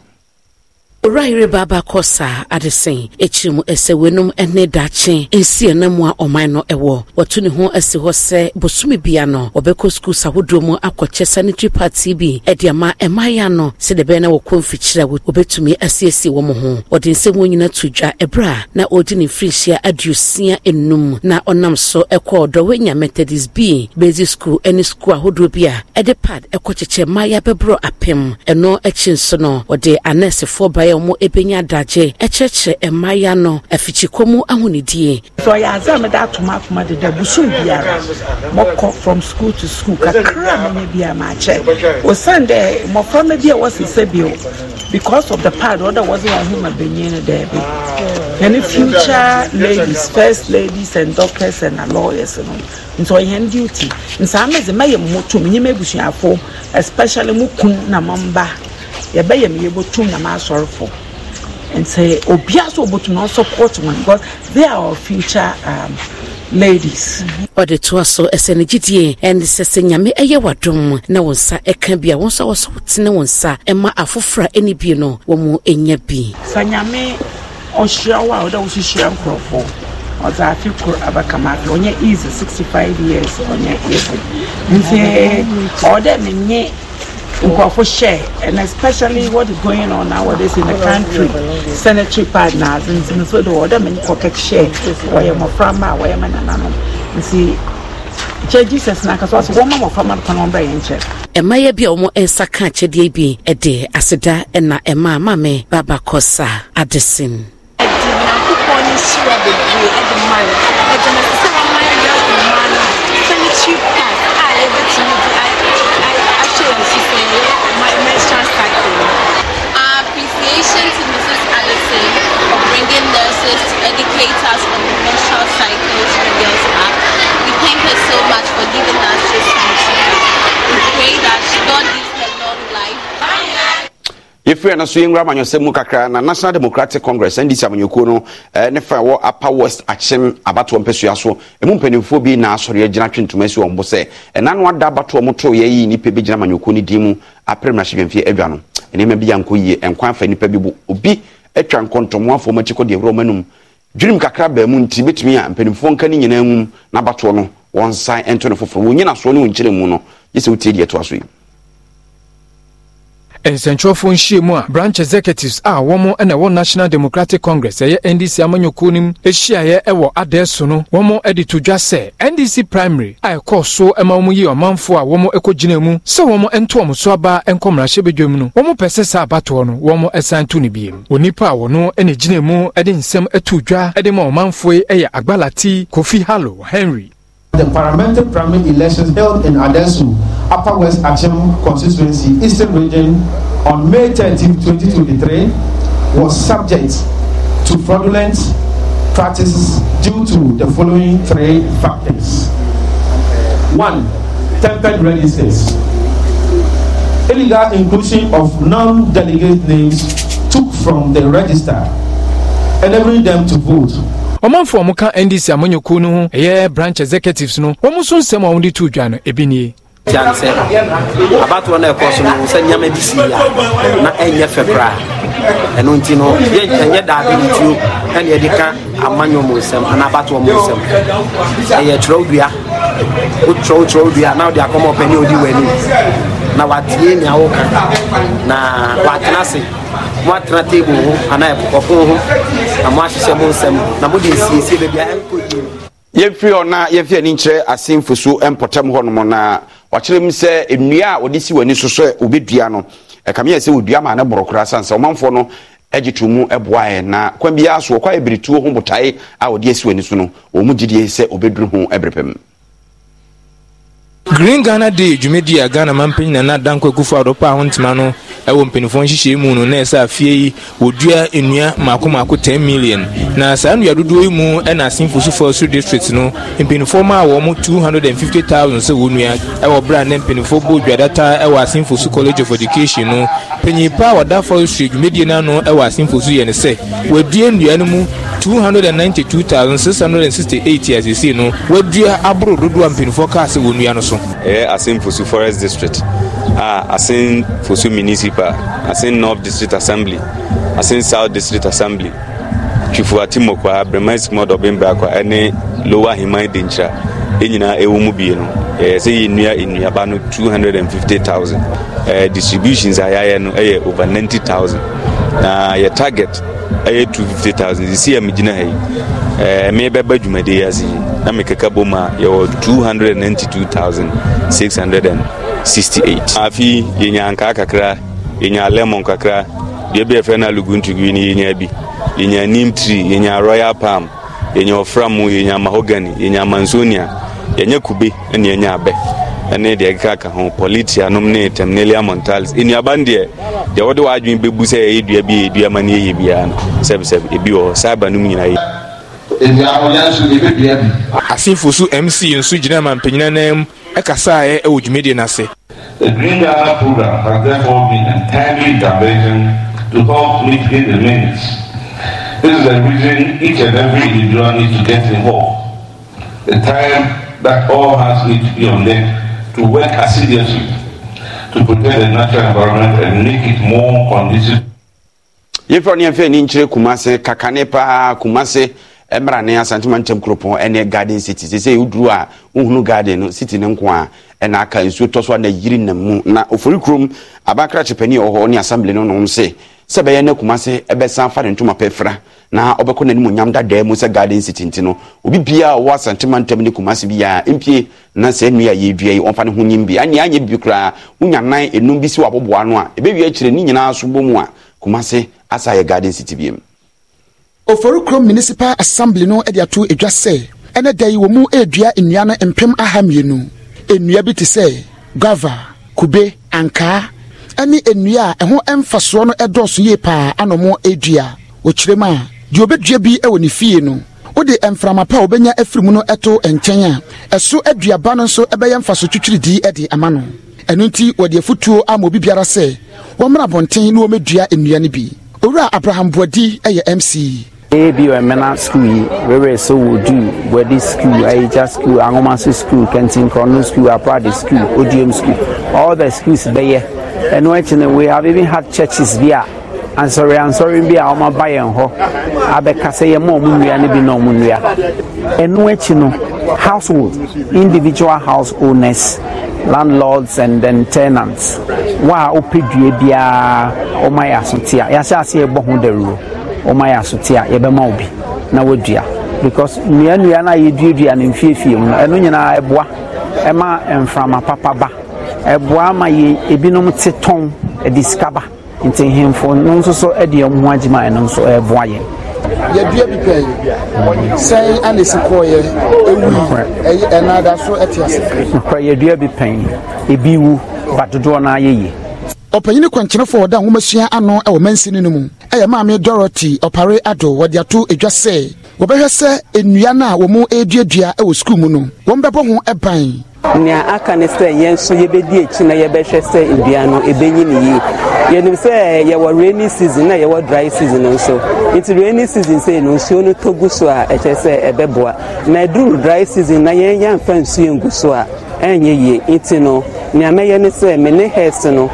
owurayere baaba kɔ saa adesɛn akyiri mu ɛsɛ wenom ne dakye nsia na mu a ɔman no ɛwɔ wɔto ne ho asi hɔ sɛ bosome bia no wɔbɛkɔ skul sahodoɔ mu akɔkyɛ sanitary party bi ɛde ama ɛmaya no sɛdeɛ ɛbɛyɛ na wɔkɔ mfikyiri a wɔbɛtumi asiesie wɔ mo ho wɔde nsɛm wɔ nyina to dwa ɛberɛ na ɔredi ne mfirinhyia aduosia enum na ɔnam so ɛkɔɔ dɔwɛ nyametadis bi bɛdi skul ne skul ahodoɔ bi a ɛde pad ɛkɔkyekyɛ mmaayaa bɛborɔ apem E e e a wɔn bɛnya adagye kyerɛkyerɛ mmayewa no afikyikɔ mu ahonidie. sọ yà ase àmì dá atoma atoma deda busum biara mọkọ from school to school kakra mi nye biara maa kyɛ osan dɛ mmɔframma bi a wɔsesɛ bi o because of the part ɔda wɔdze wɔn ho ma benyin no dɛɛbi yɛne future ladies first ladies and doctors and lawyers no nti ɔyɛ duty nsa amedze mɛyɛ mmotom nyɛ mɛ ebusuafo especially mu kun na mɔmba. yɛbɛyɛ me yɛbɛtum nyame asɔrefo nti obia so wɔbɛtum na support wɔn because they are our future um, ladies. ɔde toa so ɛsɛ ne gyidie ɛne sɛ sɛ nyame ɛyɛ wadom na wo nsa ɛka bi a wo nsa wɔ sɛ wotene wo nsa ɛma afoforɔ ɛne bi no wɔ mu ɛnya bi sɛ nyame ɔhyia wo a wodɛ wo so nkurɔfoɔ ɔdze afe kor abɛkama afe ɔnyɛ easy 65 years ɔnyɛ easy nti ɔwɔ dɛ menye nkurɔfo hyɛ and especially what is going on nowadays in the country sanitary pad na ase nti nso de wɔ dɛm nkɔkɛ hyɛ wɔyɛ mmɔframma a wɔyɛ mɛ nananom nti kyɛ jesus na akasɔ so wɔma mmɔframma no kwan wɔn bɛyɛ nkyɛn. ɛmayɛ bi a wɔn nsa akyɛdeɛ bi de aseda na ɛma maame baba kɔsa adesin. ɛdi nyankopɔn ne sira bebree de ma ɛdi na resources to educate us on the menstrual cycles we girls have. We thank her so much for giving us this opportunity. We pray that God gives her long life. yɛfiri ɛno so yɛnwura amanyɔsɛm mu kakra na national democratic congress ndc amanyɔkuo no eh, ne fa wɔ apa west akyem abatoɔ mpɛsua so ɛmu mpanimfoɔ bi na asɔre agyina twe ntoma asi wɔn bo sɛ ɛna no ada abatoɔ mo toyɛ yi nnipa bi gyina amanyɔkuo no din mu apere mmarahyɛdwamfie adwa no nneɛma bi yɛ nkɔ yie ɛnkwan fa nnipa bi bo obi atwa nkɔntɔmo afoɔ mu akyi kɔ deɛ awura ɔmo anum dwenem kakra baamu nti bɛtumi a mpanimfoɔ nka ne nyinaa mu n'abatoɔ no wɔnsan ɛnto ne foforɔ wɔn nyinasoɔ ne wɔn nkyerɛ mu no gye sɛ wotie deɛ ɛtoa so yi nsɛntwerɛfoɔ nhyiamu a branch executives a wɔn na ɛwɔ national democratic congress ɛyɛ ndc amanyɔkuo no mu ahyiaeɛ ɛwɔ adaɛ no wɔn de to dwa sɛ ndc primary a ɛkɔɔ so ma wɔn yi ɔmanfoɔ a wɔn kɔgyina mu sɛ wɔn nto wɔn so aba nkɔ mmarahyɛbadwa mu no wɔn pɛ sɛ saa abatoɔ no wɔn san to no biem onipa a wɔn na gyina mu de nsɛm ato dwa de ma ɔmanfoɔ yɛ agbalati kofi halo henry the parliamentary primary elections held in Adesu, Upper West Action Constituency, Eastern Region, on May 13, 2023, was subject to fraudulent practices due to the following three factors. One, tempered registers. Illegal inclusion of non delegate names took from the register, enabling them to vote ɔmanfo a wɔka ndc amanyɔkuo no ho ɛyɛ branch executives no wɔn nso nsɛm a wɔde to dwa no ebi nie gyan sɛ abatoɔ no ɛkɔ so no sɛ nneɛma bi si a na ɛnyɛ fɛ koraa ɛno nti no ɛnyɛ daade ntuo ɛne yɛde ka amanyɔ mu nsɛm anaa abatoɔ mu nsɛm ɛyɛ twerɛw dua wotwerɛw twerɛw dua na wode akɔma ɔpɛ ne ɔdi w'anim na watie nea woka na watena ase moatena table ho anaa ɛpɔpɔ ho na moahyehyɛ mo nsɛm na mode nsiesie baabi a ɛnkɔyie yɛmfiri hɔ na yɛmfi ani nkyerɛ asemfo so mpɔtam na wakyerɛ mu sɛ nnua a wɔde si w'ani so sɛ no ɛkame e, yɛ sɛ wɔdua ma ne borɔkora sane sɛ ɔmanfoɔ no agye to mu e boaeɛ na kwan so ayɛ ho botae a wɔde asi w'ani so no wɔn mu gyidie sɛ wɔbɛduru ho ɛberɛ e pɛ mu green ghana dwumadi a ghana na na adankɔ adɔpɔ ɛwɔ mpanyinfoɔ nhyehyɛ mu no na ɛsɛ afie yi wɔdua nnua mako mako ten million na saa nnua dodoɔ yi mu ɛna asenfo so forestry district no mpanyinfoɔ ma a wɔn two hundred and fifty thousand sɛ wɔn nua ɛwɔ brand a ne mpanyinfoɔ bɔ dwadata ɛwɔ asenfo so college of education no panyin pa a wɔda forestry dwumadie n'ano ɛwɔ asenfo so yɛ ne sɛ wɔadua nnua no mu two hundred and ninety two thousand six hundred and sixty eight years asese no wɔadua aboro dodoɔ a mpanyinfoɔ kaa sɛ wɔn nua no so. ɛyɛ asenfo so forest district a asenfo so municipal. nipa asin North District Assembly, asin South District Assembly, Chifu Atimo kwa Bremais Modo Bimba kwa ne Lower Himai Dincha, Inina Ewumubino, no say in near in no 250,000. Eh, distributions no eh, over 90,000. Na yɛ target ɛyɛ 250000 sisi a megyina ha yi eh, mebɛba dwumadi yi ase yi na mekeka bɔ mu a yɛwɔ 292668 afei yɛnya ankaa kakra yɛnya lemon kakra deɛ bi yɛfrɛ no aluguntugui no yɛnya bi yɛnya nim tree yɛnya royal palm yɛnya ɔframu yɛnya mahogany yɛnya mansonia yɛnya kube ne yɛnya abɛ ɛne deɛ ɛkeka ka ho politia nom ne temnelia montalis nnuaba no deɛ deɛ wode w'adwene bɛbu sɛ ɛyɛ dua bi yɛ ma no yɛyɛ biara no sɛbsɛb ebi wɔ hɔ cyber nom nyinaa yɛ asefo so mc nso gyina mampanyina nan mu ɛkasaeɛ ɛwɔ dwumadie no ase The Green Ghana program has therefore been a timely intervention to help mitigate the minutes. This is the reason each and every individual needs to get involved. The time that all has need to be on them to work assiduously to protect the natural environment and make it more conducive. yɛmfa ne yɛmfa ani nkyerɛ kumase kakane paa kumase mmara ne asantuma ntam kuropɔn ɛne garden city sese oduru a nhunu garden no city ne nko a ɛna aka nsuo tɔ so a na yiri nam mu na ofori kurom abakra kyepani wɔ hɔ ne assembly no nom se sɛ bɛyɛ no kuma se ɛbɛsan fa ne ntoma pɛfra na ɔbɛkɔ n'anim onyam dadaa mu sɛ garden city nti no obi bia a ɔwɔ asantuma ntam ne kuma se bi a mpie na sɛ nnua a yɛdua yi ɔmfa ne ho nyim bi anya anyɛ bi koraa wonya nan enum bi si wɔ aboboa no a ebɛwie akyire ne nyinaa so bɔ mu a kuma se asa yɛ garden city biem oforokuro municipal assembly no de ato adwa sɛ ɛnɛ da yi wɔ mu redua nnua no mpem aha mmienu nnua bi te sɛ guava kube ankaa ne nnua a ɛho mfasoɔ no dɔɔso yie paa ana ɔmo redua wɔkyerɛ mu a deɛ obɛdua bi wɔ ne fie no wode mframa pa a wobɛnya afiri mu no to nkyɛn a ɛso aduaba no nso bɛyɛ mfaso twitwiridii de ama no ɛno nti wɔde afotuo ama obi biara sɛ wɔmmra abɔnten na wɔmmɛdua nnua no bi owura abraham boadi yɛ mc ebi ɛmɛna skul yi wɛrɛ sɛ wɔdu wɛdi skul ayigya skul ahomaso skul kɛntinkrɔno skul aprade skul Odiem skul all the schools bɛyɛ ɛno akyi no we have even had churches bi a ansɔre ansɔre bi a wɔn aba yɛn hɔ abɛkasa yɛn mu a wɔn nnua no bi na wɔn nnua ɛno akyi no household individual house owners landlords and then tenants wɔn a wɔpɛ dua biara wɔn ayɛ asotia yɛahyɛ ase yɛbɔ ho dawuro wɔn ayɛ asote a yɛbɛma wo na wadua because nnua nnua no a yɛduadua no mfiefie mu no ɛno nyinaa ɛboa ɛma mframa papa ba ɛboa ma yɛ ebinom te tɔn ɛde sika ba nti nhemfo no nso so ɛde ɛmo ho agyima ɛno nso ɛboa yɛn yɛdua bi pɛi sɛn ane si kɔɔyɛ ɛwui ɛna da so ɛte ase nokorɛ yɛdua bi pɛi ebi wu ba dodoɔ no ayɛ yie ɔpanyini kwankyerɛfoɔ ɔda nwoma ano ɛwɔ mansini no mu ɛyɛ maame dorothy ɔpare ado wɔde ato edwa sɛ wɔbɛhwɛ sɛ nnua no a wɔn mu reduadua wɔ sukuu mu no wɔn bɛbɔ ho ban nea aka ne sɛ yɛn nso yɛbɛdi akyi na yɛbɛhwɛ sɛ ndua no ɛbɛnyi ne yie yɛnim sɛ yɛwɔ rainy season na yɛwɔ dry season nso nti rainy season sɛ no nsuo no tɔ gu so a ɛkyɛ sɛ ɛbɛboa na ɛduru dry season na yɛn yɛamfa nsuo ngu so a ɛnyɛ yie nti no nea mɛyɛ ne sɛ me hɛs no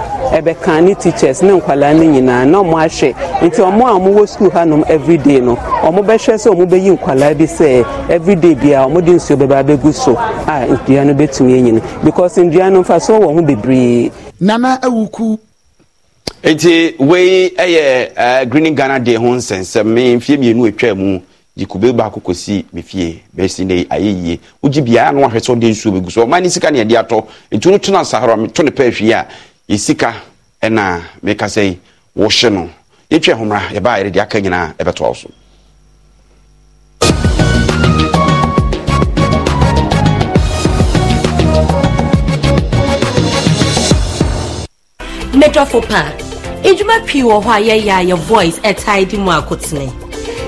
ka ne teachers ne nkwadaa no nyinaa na ɔmo ahwɛ nti ɔmo a ɔmo wɔ school hanom everyday no ɔmo bɛhwɛ sɛ ɔmo bɛyi nkwadaa bi sɛ everyday ɔmo de nsuo bɛba so a ndua no enyini because ndua no wɔ ho bebree. nana wei eh, green ghana day ho nsɛnsɛm me mfie mmienu atwa mu jikube baako kɔsi me fie bɛsi ne ayɛ yie wogye biara na wahwɛ sɛ ɔde nsuo bɛgu so sika ne ɛde yɛsika ɛna meka sɛ yi wohye no yɛtwa homra yɛbaa yɛde de aka nyinaa ɛbɛtoa wo so mmadwafo paa edwuma pii wɔ hɔ a yɛyɛ a yɛ voice ɛtae di mu akotene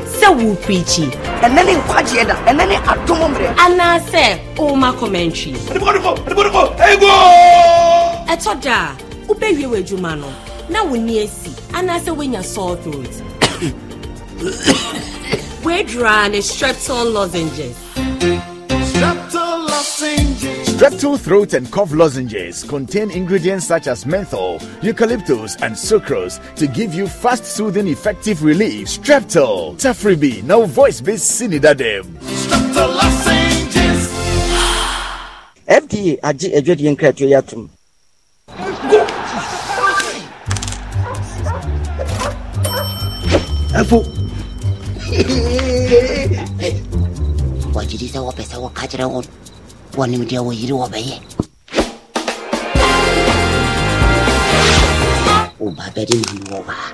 sɛ wopirikyi ɛnɛ ne nkwagyeɛ da ɛnɛ ne adom mmerɛ anaasɛ woma commentary ɛtɔ da a wobɛwie w'adwuma no na wo nni asi anaasɛ woanya sore throat woaduraa ne streptol lozenges Streptol throat and cough lozenges contain ingredients such as menthol, eucalyptus, and sucrose to give you fast, soothing, effective relief. Streptol, Tafribi, now voice based Sinidadem. Streptol lozenges. FDA agye adwadeɛ nkratoɔ yi atom ẹ fo. wa jiri sɛ wɔpɛ sɛ wɔka kyerɛ wɔn wɔnimdeɛ wɔyiri wɔbɛyɛ woba bɛde mani wɔ baa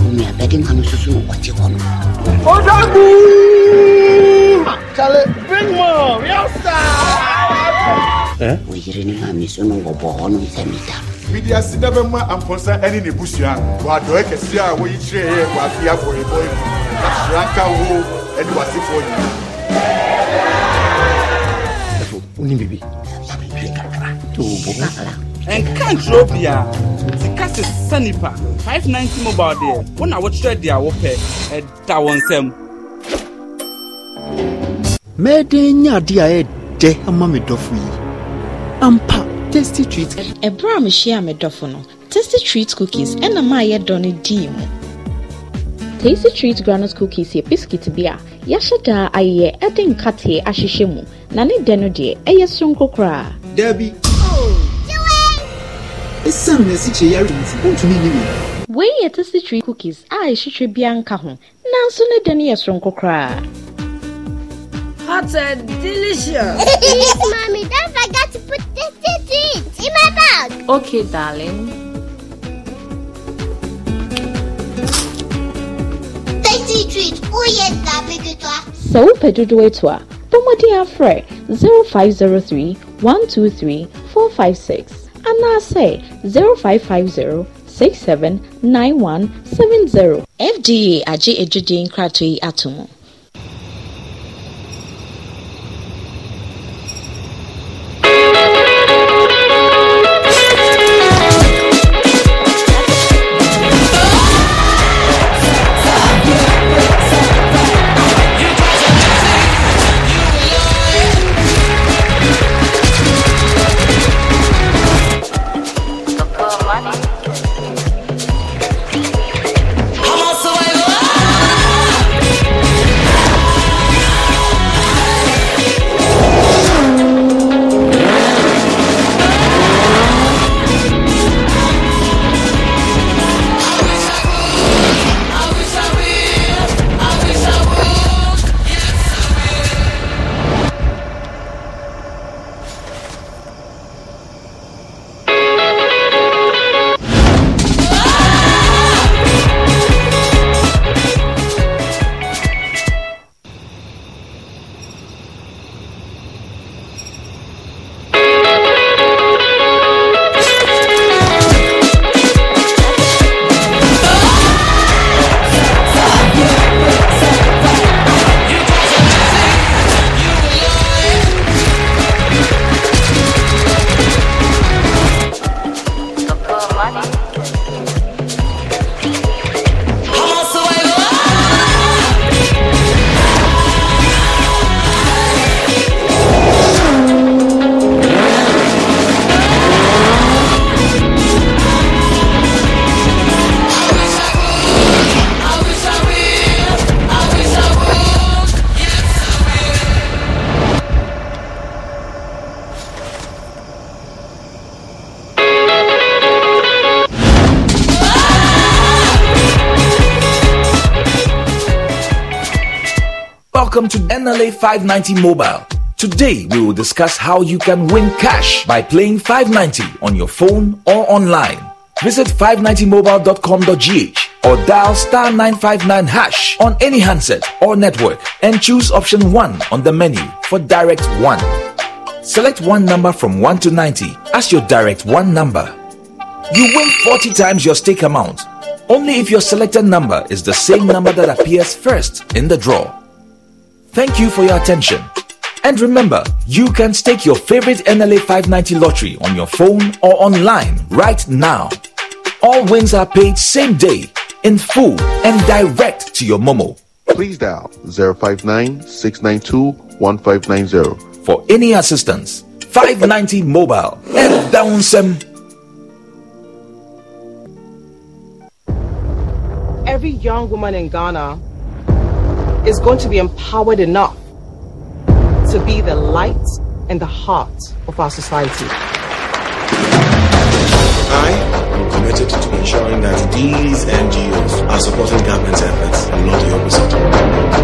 omi abɛde nka no soso ɔte hɔ no ɔdagu Charlie, bring more, real star! o yiri ni maa mi so no wɔ bɔɔ no nsɛm da mede ase da bɛma ampɔnsa ɛne ne busua wɔadɔe kɛseɛ a wɔyi kyerɛeɛ wɔ afe abɔrebɔe mu ahyira nka wo ɛne w'asefoɔ nyinaa ɛfo wonim biribi ɛnka ntwerɛ bia sika sesa nipa 590 mobile deɛ wo na wokyerɛ deɛ a wopɛ ɛda wɔ nsɛm mɛdɛn nya ade a ɛdɛ ama me dɔfo yi ampa tasty treat. ɛberɛ a mehyia me dɔfo no tasty treat cookies ɛna ma a yɛdɔ no dii mu tasty treat granite cookies yɛ biscuit bi a yɛahyɛ daa ayeyɛ ɛde nkateɛ ahyehyɛ mu na ne dɛ no deɛ ɛyɛ sonko koraa daabi ɛsiane ne asikyire yare nti wontumi nni me wei yɛ tasty treat cookies a ɛhyehyɛ bia nka ho nanso ne dɛ no yɛ sonko Hot and delicious. Please, mommy, that's to put the seeds in my bag. Okay, darling. Petty treat. Oh yes, that Petutwa. So Petutwa, Pomodi Afre, 0503 123 456. And I say 0550 679170. FDA Aji Ejudin Kratui Atumu. 590 mobile. Today, we will discuss how you can win cash by playing 590 on your phone or online. Visit 590mobile.com.gh or dial star 959 hash on any handset or network and choose option 1 on the menu for direct 1. Select one number from 1 to 90 as your direct 1 number. You win 40 times your stake amount only if your selected number is the same number that appears first in the draw. Thank you for your attention. And remember, you can stake your favorite NLA 590 lottery on your phone or online right now. All wins are paid same day, in full, and direct to your Momo. Please dial 059 for any assistance. 590 Mobile and down some. Every young woman in Ghana is going to be empowered enough to be the light and the heart of our society. I am committed to ensuring that these NGOs are supporting government's efforts and not the opposite.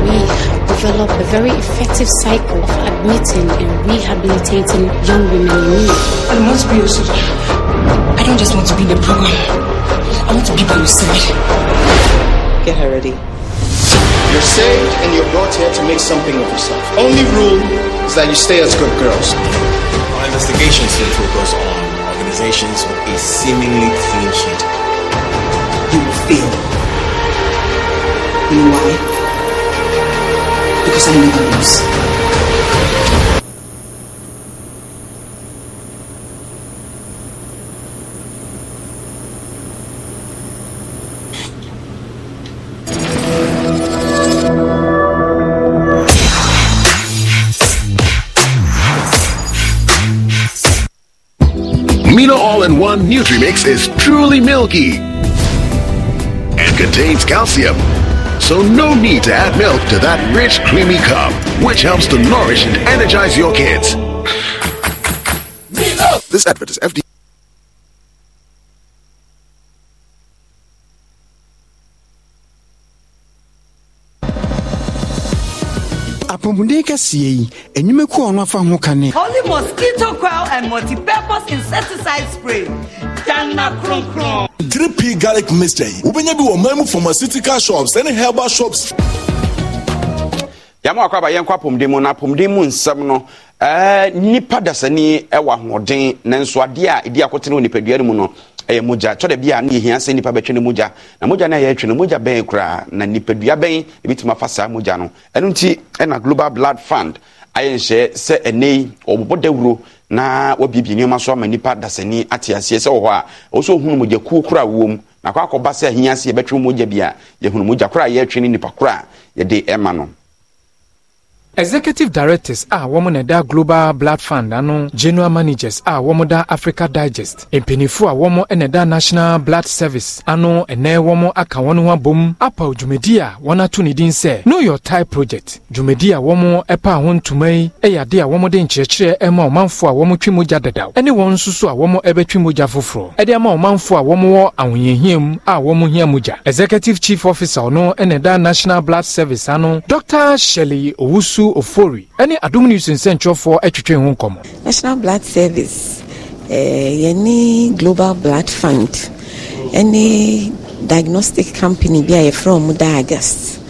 We have developed a very effective cycle of admitting and rehabilitating young women in need. I must be a soldier. I don't just want to be in the program. I want to be by your side. Get her ready. You're saved and you're brought here to make something of yourself. Only rule is that you stay as good girls. Our investigation seems to focus on organizations with a seemingly clean sheet. You fail. You know why? Because I never lose. 1 Nutrimix is truly milky and contains calcium. So no need to add milk to that rich, creamy cup, which helps to nourish and energize your kids. This advert is FD. apɔmuden kɛseɛ yi enyimeku ɔno afa ho kane. holy mosquito coil and multi-purpose insecticide spray dana kronkron. 3p garlic mixture yi wobɛnya bi wɔ man mu pharmaceutical shops ɛne herbal shops. yàmú akɔ aba yɛn kɔ apɔmuden mu na apɔmuden mu nsɛm no ɛɛ nipa dasani ɛwɔ ahoɔden nanso adeɛ a edi akɔtena wɔ nipadua no mu no ɛyɛ mogya kyɛdɛ bi a ne yɛhia sɛ nipa bɛtwe ne mogya na mogya no a yɛtwe no mogya bɛn koraa na nipadua bɛn ebitumi afa saa mogya no ɛno nti ɛna global blood fund ayɛ nhyɛ sɛ ɛnɛ ɔbobɔ dawuro na wabiebie nneɛma so ama nipa dasani ate aseɛ sɛ wɔ hɔ a ɔsɛ ohunu mogya kuo kora wɔ mu na akɔ akɔba sɛ ahia se yɛbɛtwe mogya bi a yɛhunu mogya kora a yɛtwe ne nipa kora a yɛde ɛma no executive directors a wɔn na da global blood fund ano general managers a wɔn da africa digest mpanyinfo a wɔn na da national blood service ano ɛnɛ wɔn aka wɔn ho abom apa dwumadi a wɔn ato ne din sɛ know your tie project dwumadi a wɔn pa ho ntoma yi yɛ ade a wɔn de nkyerɛkyerɛ ɛma ɔmanfo a wɔn twi mogya dadaw ɛne wɔn nso so a wɔn bɛtwi mogya foforɔ ɛde ama ɔmanfo a wɔn wɔ ahohiahiam a wɔn hia mogya executive chief officer ɔno na da national blood service ano dr shelley owusu nsu ofori ɛne adum news nsɛnkyerɛfoɔ atwitwe ho nkɔmmɔ national blood service eh, yɛne global blood fund ɛne diagnostic company bi a yɛfrɛ ɔmo diagast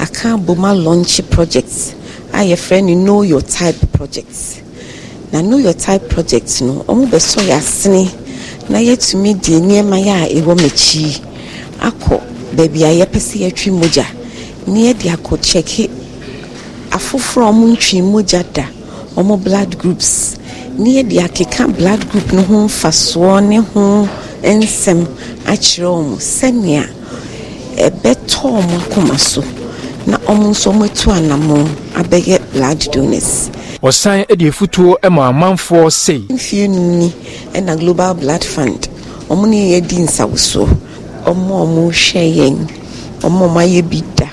aka boma launch project a yɛfrɛ no know your type project na know your type project no ɔmo bɛsɔ yɛ asene na yɛtumi de nneɛma yɛ a ɛwɔ m'akyi akɔ baabi a yɛpɛ sɛ yɛtwi mogya ne yɛde akɔ kyɛke afoforɔ ɔmo ntwi mogya da ɔmo blood groups ne yɛde akeka blood group no ho mfasoɔ ne ho nsɛm akyerɛ ɔmo sɛnea ɛbɛtɔ ɔmo akoma so na ɔmo nso ɔmo etu anamo abɛyɛ blood donors. ɔsan de efutuo ma amanfoɔ sei. mfie num ni ɛna global blood fund ɔmo ne yɛ di nsawosoɔ ɔmo a ɔmo hwɛ yɛn ɔmo a ɔmo ayɛ bi da.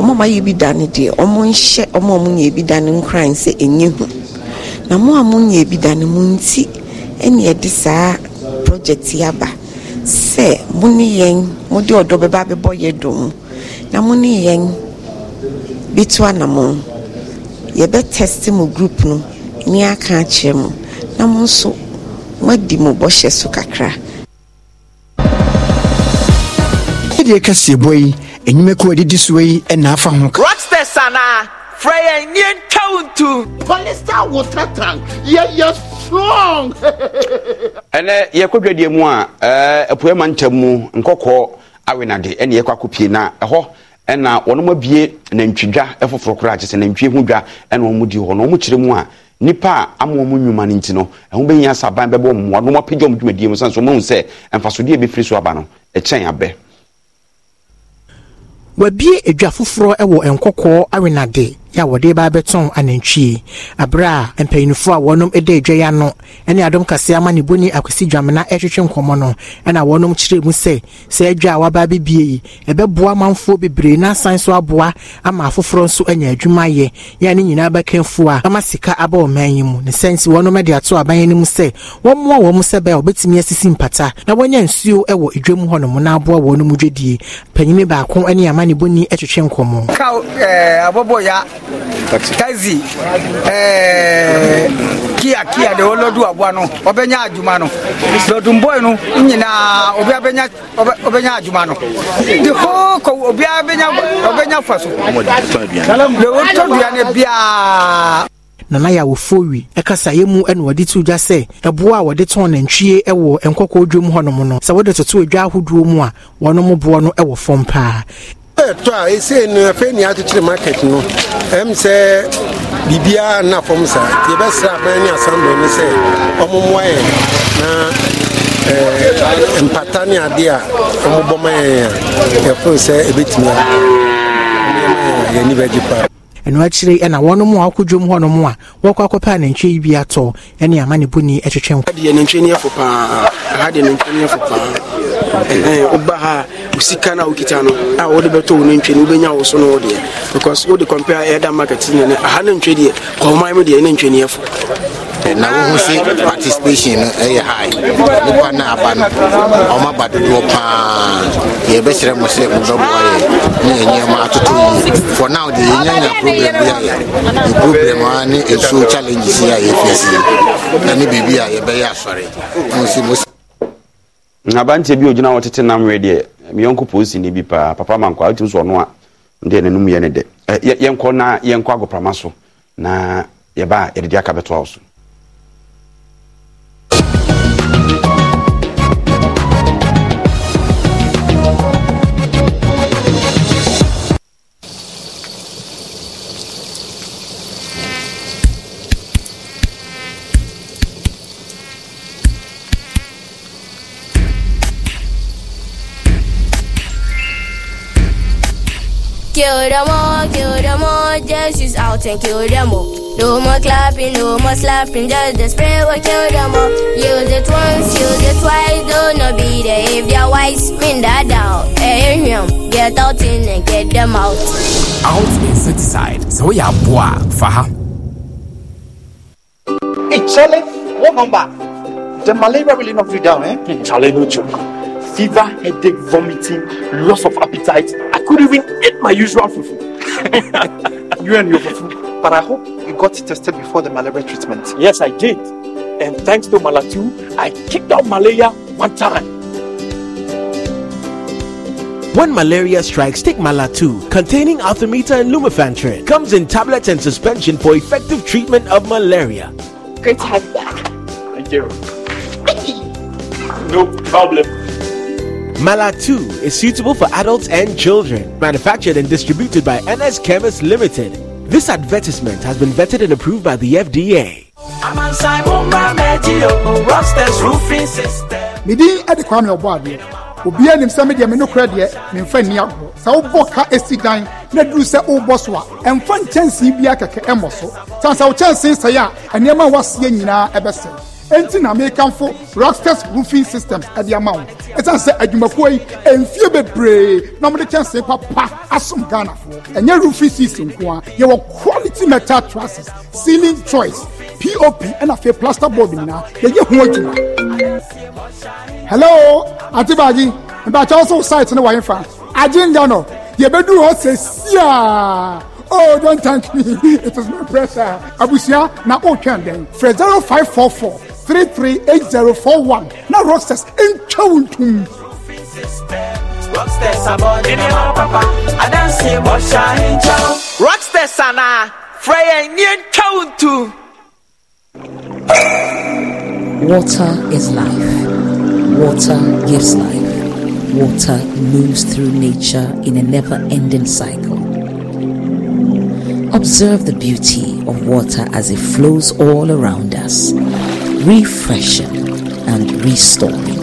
ɔmo ama yɛ bi da deɛ ɔmo nhyɛ ɔmo ɔmo nyɛ bi da nkran sɛ ɛnyɛ hu na mo a mo nyɛ bi da ne mu nti ɛna yɛde saa project yi aba sɛ mo ne yɛn mo de ɔdɔ bɛba abɛbɔ yɛ na mo ne yɛn yɛbɛ test mo group no ne aka akyerɛ mo na mo nso mo adi mo bɔhyɛ so kakra. ɛdeɛ kɛseɛ bɔ yi enyime kuro edidi soɔ yi ɛna afa ho ka. na ana nye ntɛw ntum. polista water tank yɛ yɛ strong. ɛnɛ yɛkɔ mu a ɛɛ apue ma ntɛm mu nkɔkɔɔ awenade ɛna yɛkɔ akɔ pie na ɛhɔ ɛna wɔn abie nantwidwa ɛfoforɔ koraa kyesɛ nantwie ho dwa ɛna wɔn di hɔ na wɔn kyerɛ mu a nipa a ama wɔn nnwuma no na wabie edwa foforɔ ɛwɔ nkɔkɔɔ awenade yɛ a wɔde ba abɛtɔn anantwie abere a a wɔnom da adwa yi ano ne adom kase ama ne boni akwasi dwamena ɛretwetwe nkɔmɔ no ɛnna wɔnom kyerɛ mu sɛ sɛ adwa a waba abibie yi ɛbɛboa amanfoɔ bebree na asan so aboa ama afoforɔ nso anya adwuma yɛ yɛ a ne nyinaa bɛkɛnfo a ama sika aba ɔman yi mu ne sɛnsi wɔnom de ato aban no mu sɛ wɔmmoa wɔn sɛ bɛɛ wɔbɛtumi asisi mpata na wɔnya nsuo wɔ edwam hɔnom na aboa wɔn mu dwadie panyin baako ne ama ne boni ɛtwetwe nkɔmɔ. kaw ɛɛ eh, abɔbɔ kazi eh, kia kia de olodu abua no obenya adwuma no dodum boy no nyinaa obi abenya obenya adwuma no the whole ko obi abenya obenya faso le wotɔ duane biaa nana yawofo wi Eka yɛ mu ɛna e e wɔde e to dwa sɛ ɛboa a wɔde tɔn nantwie ɛwɔ nkɔkɔɔ dwom hɔnom no sɛ wɔde toto edwa ahodoɔ mu a wɔnom boɔ no ɛwɔ fam ɛtɔ a ɛsei no afei ne akyekyere market no ɛm sɛ biribiaa nna fam saa nti yɛbɛsrɛ aban ne asamble no sɛ ɔmommoa yɛ na eh, mpata ne adeɛ a ɔmobɔ ma yɛn a yɛfo sɛ ɛbɛtumi e a yɛni bɛgye paa ɛno akyire ɛna wɔnom a wɔkɔ dwom hɔnom a wɔkɔ akɔpɛ anantwie yi bi atɔ ɛne ama ne buni ɛtwetwe ho deɛ nantwie ne afo paa aha deɛ nantwie ne afo paa ɛhɛn woba ha osika no a no a wode bɛtɔ wo nantwie no wobɛnya wo so no wodeɛ because wode compare ɛda market ne ne aha nantwie deɛ kɔman mu deɛ nantwie ne afo Eh, na wohu sɛ participation no eh, ɛyɛ high nipa na aba no ɔma ba dodoɔ paa yɛbɛkyerɛ mo sɛ mobɛboa yɛ ne ɛnneɛma atoto yie for now deɛ yɛnya nya problem bi a yɛ problem a ne ɛsuo challenges yi a yɛfiasi na ne biribi a yɛbɛyɛ asɔre mo sɛ mo aberanteɛ bi ogyina hɔ tete nam deɛ meyɔnko posi ne bi paa papa mankoa wotumi so ɔno a deɛ n'anum yɛ ne dɛ eh, yɛnkɔ na yɛnkɔ agoprama so na yɛba a yɛde aka bɛtoa wo so Kill them all, kill them all, yes, she's out and kill them all. No more clapping, no more slapping, just the spray will kill them all. Use it once, use it twice, don't not be there if they're wise. Mean that down, aim get out in and get them out. Out in Suicide, so we are for her. Hey, Charlie, what number? The malaria will not be down, eh? Charlie, no joke fever, headache, vomiting, loss of appetite. I could even eat my usual fufu. you and your fufu. But I hope you got tested before the malaria treatment. Yes, I did. And thanks to Malatu, I kicked out malaria one time. When malaria strikes, take Malatu, containing Arthemeter and Lumefantrin. Comes in tablets and suspension for effective treatment of malaria. Great to have you back. Thank you. no problem. Malatu is suitable for adults and children. Manufactured and distributed by NS Chemist Limited. This advertisement has been vetted and approved by the FDA. sɛ medeɛ me nokorɛ deɛ memfa nni agorɔ sɛ wobɔ ka ɛsi dan na duru sɛ so a ɛmfa nkyɛnsee biara kɛkɛ ɛmmɔ so sɛ wo kyɛnsee sɛe a a woaseɛ nyinaa ɛbɛsɛe ɛnti na mekamfo rockstars roofing systems ɛde ama wo ɛsiane sɛ adwumakuo yi ɛmfie bebree na wɔde kyɛnse papa asom ghanafoɔ ɛnyɛ roofing season nko a yɛwɔ quality metal trusses ceiling choice pop ɛna afei plaster board nyinaa yɛyɛ ho adwuma hello ante baagye mbaakyɛw so wo site ne wɔyɛ fa agye nya no yɛbɛduru hɔ sɛ siaa Oh, don't thank me. It is my pressure. Abusia, na otwan den. Fred 0544 338041. Now, Rocksters, entwa wontum. Rocksters abɔ ne ne papa. Adansi bɔ in ahenkyɛw. Rocksters Water is life. Water gives life. Water moves through nature in a never ending cycle Observe the beauty of water as it flows all around us, refreshing and restoring.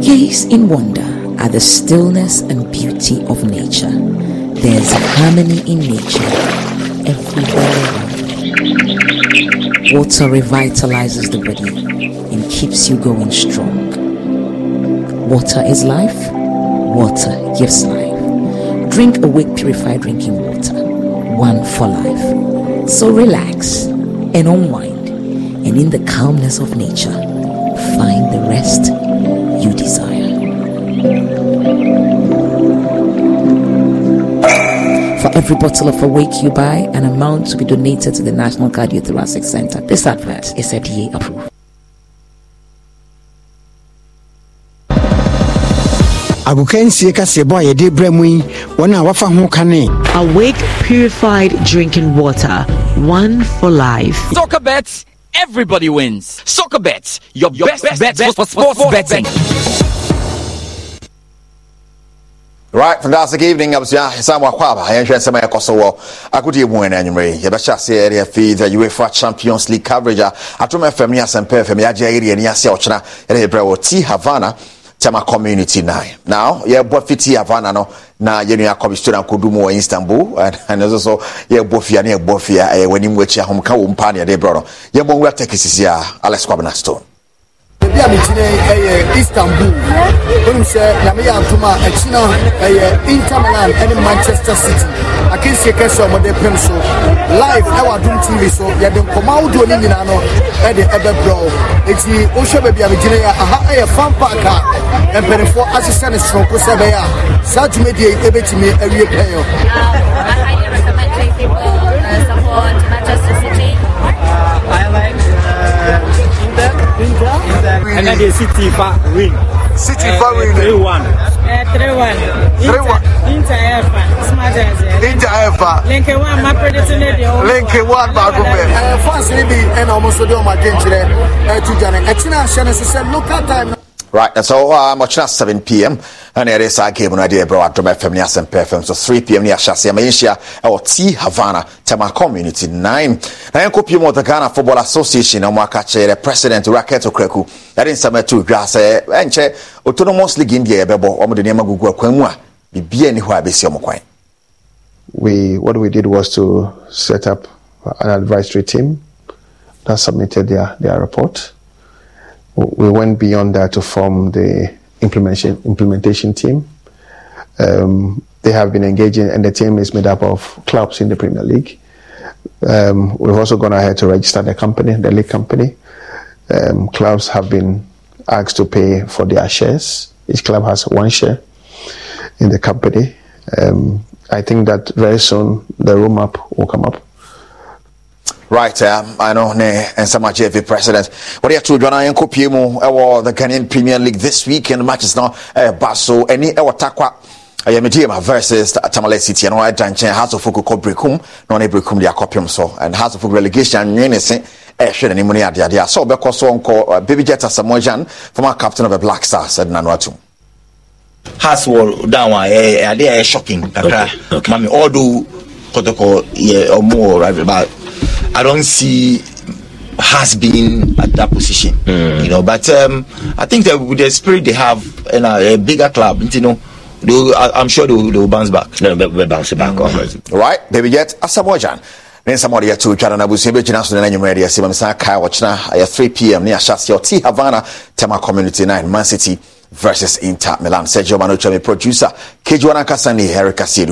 Gaze in wonder at the stillness and beauty of nature. There's harmony in nature everywhere Water revitalizes the body and keeps you going strong. Water is life, water gives life. Drink Awake Purified Drinking Water, one for life. So relax and unwind, and in the calmness of nature, find the rest you desire. For every bottle of Awake you buy, an amount to be donated to the National Cardiothoracic Center. This advert is FDA approved. agokansie kaseɛ bɔ a yɛde brɛ mu yi wɔn a wɔafa ho ka awake purified drinking water one for life soccer bets everybody wins soccer bets your, your best, best bet for sports, sports betting, betting. Right, fantastic evening. Abusua Sam Wakwaba. Yɛnhwɛ nsɛm a yɛkɔ so wɔ akodie mu ɛna anwummerɛ yi. Yɛbɛhyɛ aseɛ area afei the UEFA Champions League coverage I told a Atom FM ne Asɛmpa FM yɛagye ayɛ deɛ ani ase a ɔkyena ɛde yɛbrɛ wɔ T Havana Chama Community nine Now, yɛbɔ fiti Havana no na yɛnua kɔbi student nkodu mu wɔ Istanbul and nso so yɛbɔ fia ne yɛbɔ fia ɛyɛ eh, w'anim w'akyi ahomka wo mpa ne yɛde brɔ no. Yɛbɔ nwura tekisi ya Alex kwabna Stone. baabi a mekyina yɛ eh, eh, istanbul wonim sɛ nyame yɛ atom a akyina eh, ɛyɛ inter milan ne manchester city akansie kɛsɛ ɔmɔde pem so live ɛwɔ adom tv so yɛde nkɔmmɔ ahodoɔ no nyinaa no ɛde ɛbɛbrɛ wo enti wohwɛ baabi a megyina yɛ aha ɛyɛ fan park a mpanimfoɔ ahyehyɛ ne soronko sɛ ɛbɛyɛ a saa dwumadie yi ɛbɛtumi awie pɛn and then the City Fa win. City Fa uh, win. 3 1. Uh, 3 1. Inter, 3 1. Inter Alpha. Smart as Link 1, my prediction is the old. Link 1, back up there. Fans, maybe, and almost do my game today. Eh, Two Johnny. Eh, it's Shannon, it's a local time right ɛsɛ wɔ hɔ a mɔkyena 7 pm and ɛna uh, is our game on no ade ɛbrɛ wadom fm ne asɛmpa fm so 3 pm ne yɛahyɛ aseɛ ma yɛnhyia ɛwɔ t havana tema community 9 I am pie mu the ghana football association na ɔmo aka kyerɛ president racket okraku ɛde nsɛm ɛto dwa sɛ ɛnkyɛ autonomous league deɛ yɛbɛbɔ ɔmo de nneɛma gugu akwan mu a biribia ni hɔ a bɛsi ɔmo kwan we what we did was to set up an advisory team that submitted their their report we went beyond that to form the implementation implementation team. Um, they have been engaging, and the team is made up of clubs in the Premier League. Um, we've also gone ahead to register the company, the league company. Um, clubs have been asked to pay for their shares. Each club has one share in the company. Um, I think that very soon the roadmap will come up. right um, I know ne Nsama JV president What you ato dwana yɛnkɔ pie mu ɛwɔ the Ghanaian Premier League this weekend matches now ɛba eh, so ɛni ɛwɔ takwa ɛyɛ eh, Medema versus Tamale City ɛno ɛda nkyɛn Hearts of Oak kɔ brekum na ɔne brekum de akɔpem so and Hearts of Oak relegation nwene ne se ɛhwɛ n'anim ne adeadeɛ a sɛ ɔbɛkɔ so ɔnkɔ um, uh, Baby Jet Asamoah former captain of the Black Star ɛde n'ano atum Hearts wɔ down a ɛyɛ adeɛ a ɛyɛ shocking kakra all do. kɔtɔkɔ yɛ ɔmo wɔ rival but I don't see has been at that position. Mm. You know, but um, I think that with the spirit they have and a, a bigger club, you know. Will, I, sure they will, bounce back. No, they'll, they'll bounce back. Mm-hmm. Right, baby, yet Azerbaijan. ne nsɛm ɔde yɛto twa no no abusua bɛgyina so no nanyummerɛ de asɛm ame sa kae wɔkyena ɛyɛ 3 pm ne ahyɛseɛ ɔte havana tema community 9 man city versus inter milan sergio manotwa me producer kagyiwa no ankasa ne herika sɛ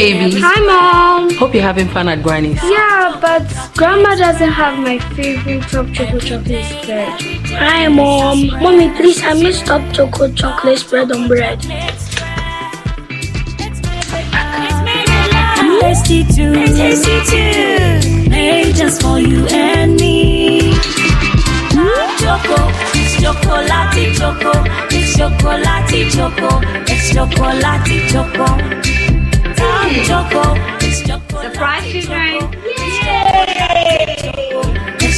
babies. Hi, Mom. Hope you're having fun at Granny's. Yeah, but Grandma doesn't have my favorite top chocolate chocolate spread. Hi, Mom. Mommy, please, I miss top chocolate chocolate spread on bread. Tasty too, tasty too, made just for you and me. Hmm? Choco, it's chocolatey, choco, it's chocolatey, choco, it's chocolate, choco. Choco. Choco. It's chocolate. The fried chicken.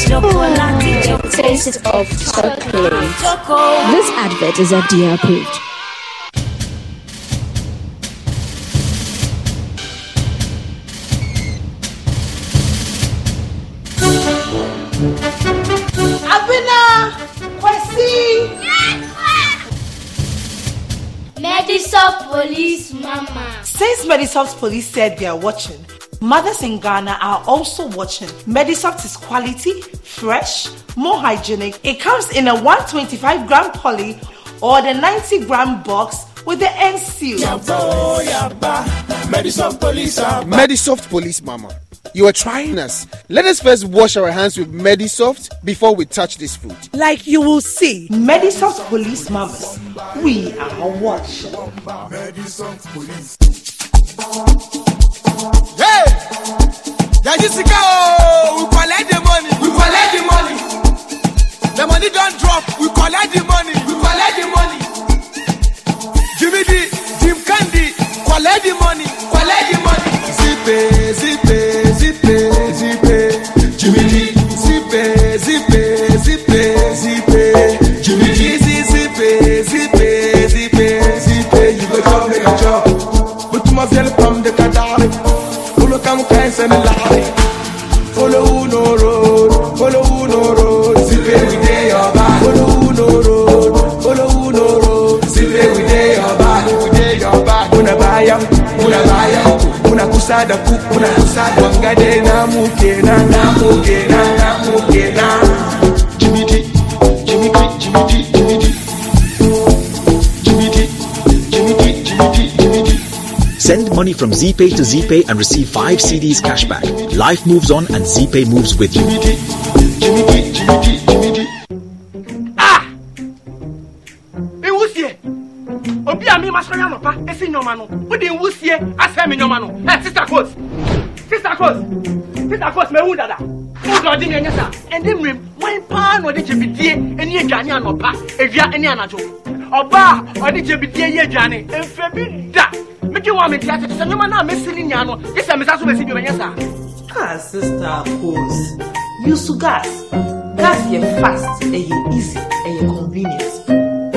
Chocolate. Chocolate. Taste of chocolate. This advert is FDA approved. Medisoft Police Mama. Since Medisoft Police said they are watching, mothers in Ghana are also watching. Medisoft is quality, fresh, more hygienic. It comes in a 125 gram poly or the 90 gram box with the end seal. Medisoft Police Medisoft Police Mama you are trying us. Let us first wash our hands with Medisoft before we touch this food. Like you will see, Medisoft Police Mamas, we are watched. Medisoft Police. we collect the money. We collect the money. The money don't drop. We collect the money. We collect the money. na jimiti jimiti jimiti jimiti jimiti jimiti jimiti jimiti Send money from ZPay to ZPay and receive 5 CDs cashback. Life moves on and ZPay moves with you. Ah! Ewusie! Obi a mi no pa, esi nyoma no. Wo de nyoma no. Eh, Cross Peter Cross mehu dada food ọdín ni ẹ nyẹ sá ẹni mìíràn wọn paa na ọdín jẹbidie ẹni ẹdwani anọpa ẹdua ẹni anadwo ọbaa ọdín jẹbidie yẹ ẹdwani ẹnfẹ bi da mẹjọ wọn mi di ati sẹ nneema náà mi si ni nyaa no yẹ sẹ mi sá so bẹ si bi ẹ nyẹ sá. ah sister, Cross yusu gas gas yẹ fast ẹ eh, easy ẹ eh, convenient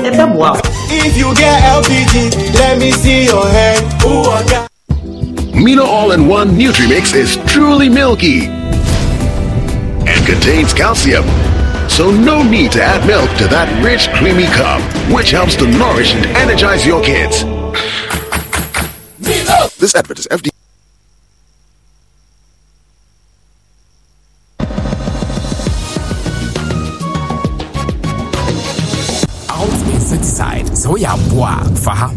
ẹ bẹ bọ a. if you get LPG let me see your hand. Ooh, Milo All-in-One Nutrimix is truly milky and contains calcium, so no need to add milk to that rich, creamy cup, which helps to nourish and energize your kids. This advert is FD. Outside, so yeah, boy, for how?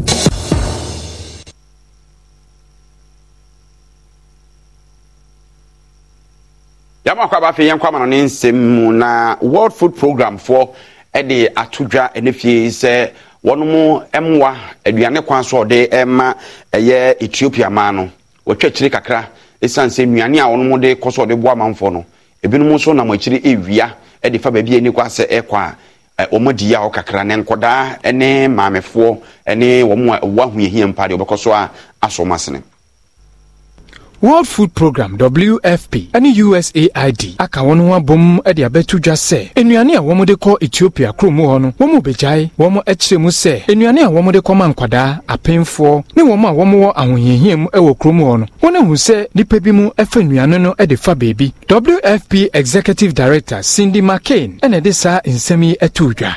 yàmà kọ abafẹ yẹn kọ ama ne nsẹm mu na world food program foɔ ɛde ato dwa ɛne fie sɛ wɔn mu mmoa aduane kwan so ɔde ɛma ɛyɛ ethiopia man no wɔtwa akyire kakra esan sɛ nnuane a wɔn mu de kɔ so ɔde bo amanfoɔ no ebinom nso nam akyire ewia ɛde fa baabi ani kɔ asɛ ɛkɔ a wɔn di a ɔkakra ne nkɔdaa ne maamefoɔ ne wɔn a wɔn ahoyɛhia mpa deɛ ɔbɛkɔ so a asɔ wɔn asene world food program wfp ɛne usaid aka wɔn ho abom de abɛto dwa sɛ nnuane a wɔmde kɔ ethiopia kurom hɔ no wɔn mu begyae wɔn akyerɛ mu sɛ nnuane a wɔmde kɔma nkwadaa apemfoɔ ne wɔn a wɔwɔ ahohiahia mu wɔ kurom hɔ no wɔn ahu sɛ nnipa bi mu fa nnuane no de fa baabi wfp executive director cindy mccain ɛna de saa nsɛm yi ato dwa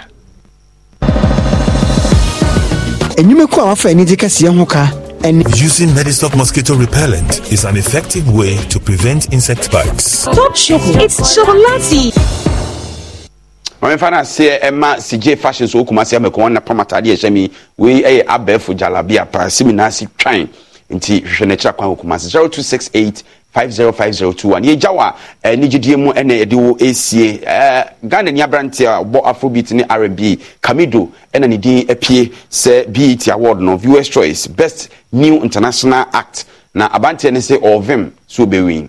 enyimako a wafa anigye kɛseɛ ho ka and using Medistop mosquito repellent is an effective way to prevent insect bites. Stop shopping. It's chocolatey. mmefa no aseɛ ɛma eh, sigye fashion so wokuma se amɛkɔ wɔn napam atade ɛhyɛ mi wei ɛyɛ eh, abɛɛfo gyalabia paa simi na ase twan nti hwehwɛ n'akyira kwan wokuma se 0268 505021 yɛgya wɔ a ɛne gyidie mu ɛna eh, yɛde wo ɛsie eh, ghana ni aberanteɛ a ɔbɔ afrobeat ne rb Kamido ɛna eh, ne din apie sɛ bet award no viewers choice best new international act na aberanteɛ ne sɛ ɔvem so ɔbɛwin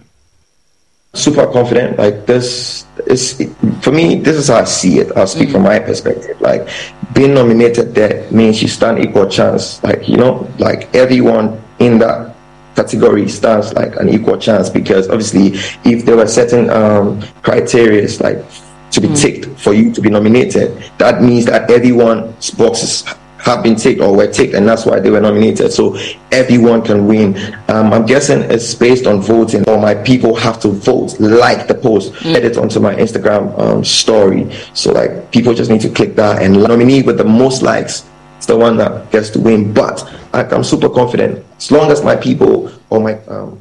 super confident like this is for me this is how i see it i'll speak mm from my perspective like being nominated that means you stand equal chance like you know like everyone in that category stands like an equal chance because obviously if there were certain um, criteria like to be mm. ticked for you to be nominated that means that everyone's boxes have been ticked or were ticked and that's why they were nominated so everyone can win um, i'm guessing it's based on voting or my people have to vote like the post mm. edit onto my instagram um, story so like people just need to click that and nominee with the most likes it's the one that gets to win. But I, am super confident as long as my people or my. Um,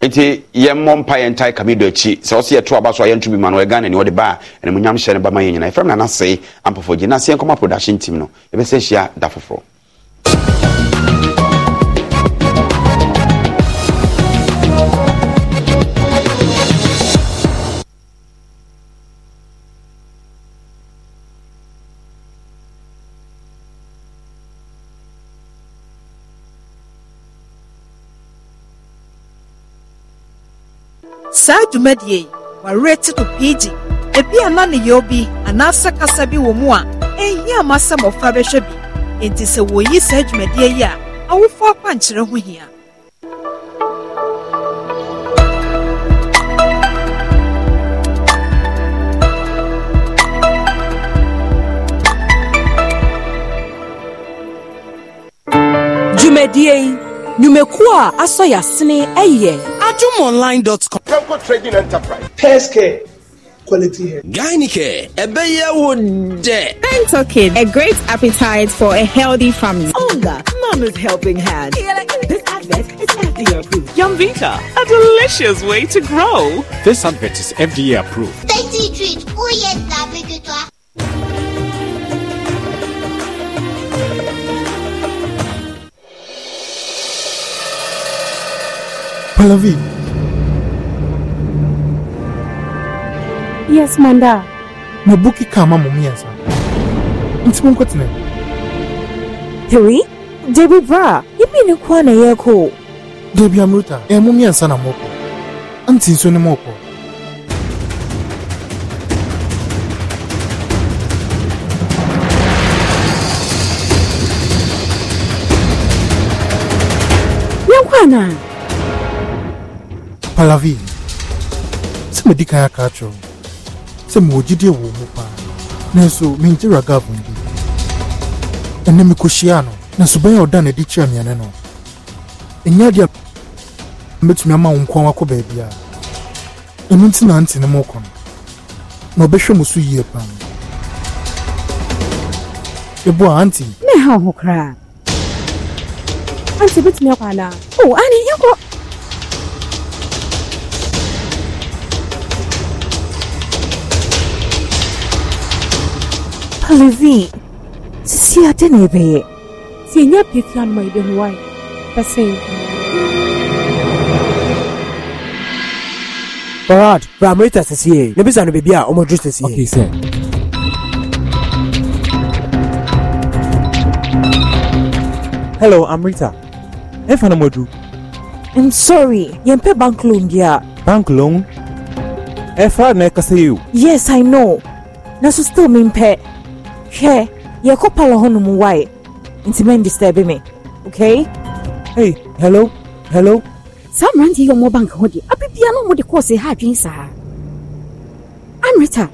nti yɛmmɔ mpa yɛ ntae kamido akyi sɛ ɔsɛ yɛto aba so a yɛntumi ma no ɛghana ni wɔde ba a ɛnimonyam hyɛ no bama yɛ nyina ɛfrɛm nanasee ampafo gye na sɛ yɛnkɔma production team no yɛbɛsɛ hyia da foforɔ saa dwumadie yi wɔawere te no piigyi ebi a na ne yɛw bi anaasɛ kasa bi wɔ mu a ɛnyɛ ama sɛ mmɔfra bɛhwɛ bi enti sɛ wɔyi saa dwumadie yi a awofo akwankyerɛ ho hia dwumadie yi nnwumakuo a asɔ yɛ ɛyɛ ajumonline.com. Telco Trading Enterprise. Pescare. Quality here. hair. Gynike, Ebeyewo De. Pentokin, a great appetite for a healthy family. Olga, Mama's Helping Hand. This advert is FDA approved. Yumvita, a delicious way to grow. This advert is FDA approved. Tasty treat. Oh yes, Pallavi. Yes, Manda. Na buki kama mummy yansa. Nti mun kwatina. Hewi, Debbie bra, yibi ne kwa na yeko. Debbie Amruta, e eh, mummy yansa na moko. Anti nso ne moko. Yankwana palavi sɛ medi kan aka akyerɛ wo sɛ mewɔ gyidie wɔ mu paa nanso mengye ragavon bi ɛnɛ mekɔhyiaa no nanso bɛn a ɔda no adi kyerɛ meɛne no ɛnyɛ adeɛ mɛtumi ama wo nkoa wakɔ baabiaa ɛno nti na nte ne mɔkɔ no na ɔbɛhwɛ mo so yie paa ɛbo a anti meha wo ho koraa anti bɛtumi akɔ oh, anaa o ane yɛkɔ Lizzie, siya din ibi. Siya pith yan may dinhuay. Kasi... Barad, Ramrita sa siya. Nabisa na bibiya, umadrus Okay, sir. Hello, Amrita. Efa na I'm sorry. Yempe bank loan dia. Bank loan? Efa na kasi Yes, I know. Naso still mimpe hwɛ yɛkɔ palo hɔnom wae nti mandisturbe me okay hey hello hello saa mmerante yi ɔmɔ bank hɔ deɛ abibia na ɔmɔde kɔɔse ha adwen saa anreta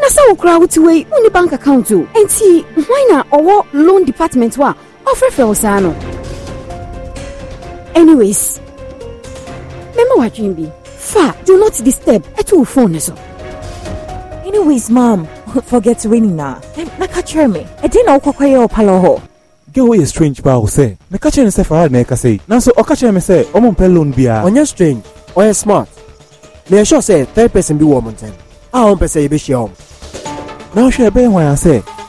na sɛ wokora wote wei wone bank account o enti hwan na ɔwɔ loan department hɔ a ɔfrɛfrɛ wo saa no anyways mɛma wadwen bi fa do not disturb ɛto wo phone ne so anyways mam forget winning na na ka kyerɛ me ɛdeɛ e na wokɔkɔyɛ ɔpalɔ hɔ girl yɛ strange ba wo sɛ meka kyerɛ ne farad na e kase. sɛi nanso ɔka kyerɛ me sɛ ɔmompɛ loan biara ɔnyɛ strange ɔyɛ smart Me yɛhyɛ e sure sɛ third person bi wɔ ɔmo ntɛm a ɔmpɛ sɛ yɛbɛhyia ɔm na wohwɛ ɛbɛyɛ hwan a sɛ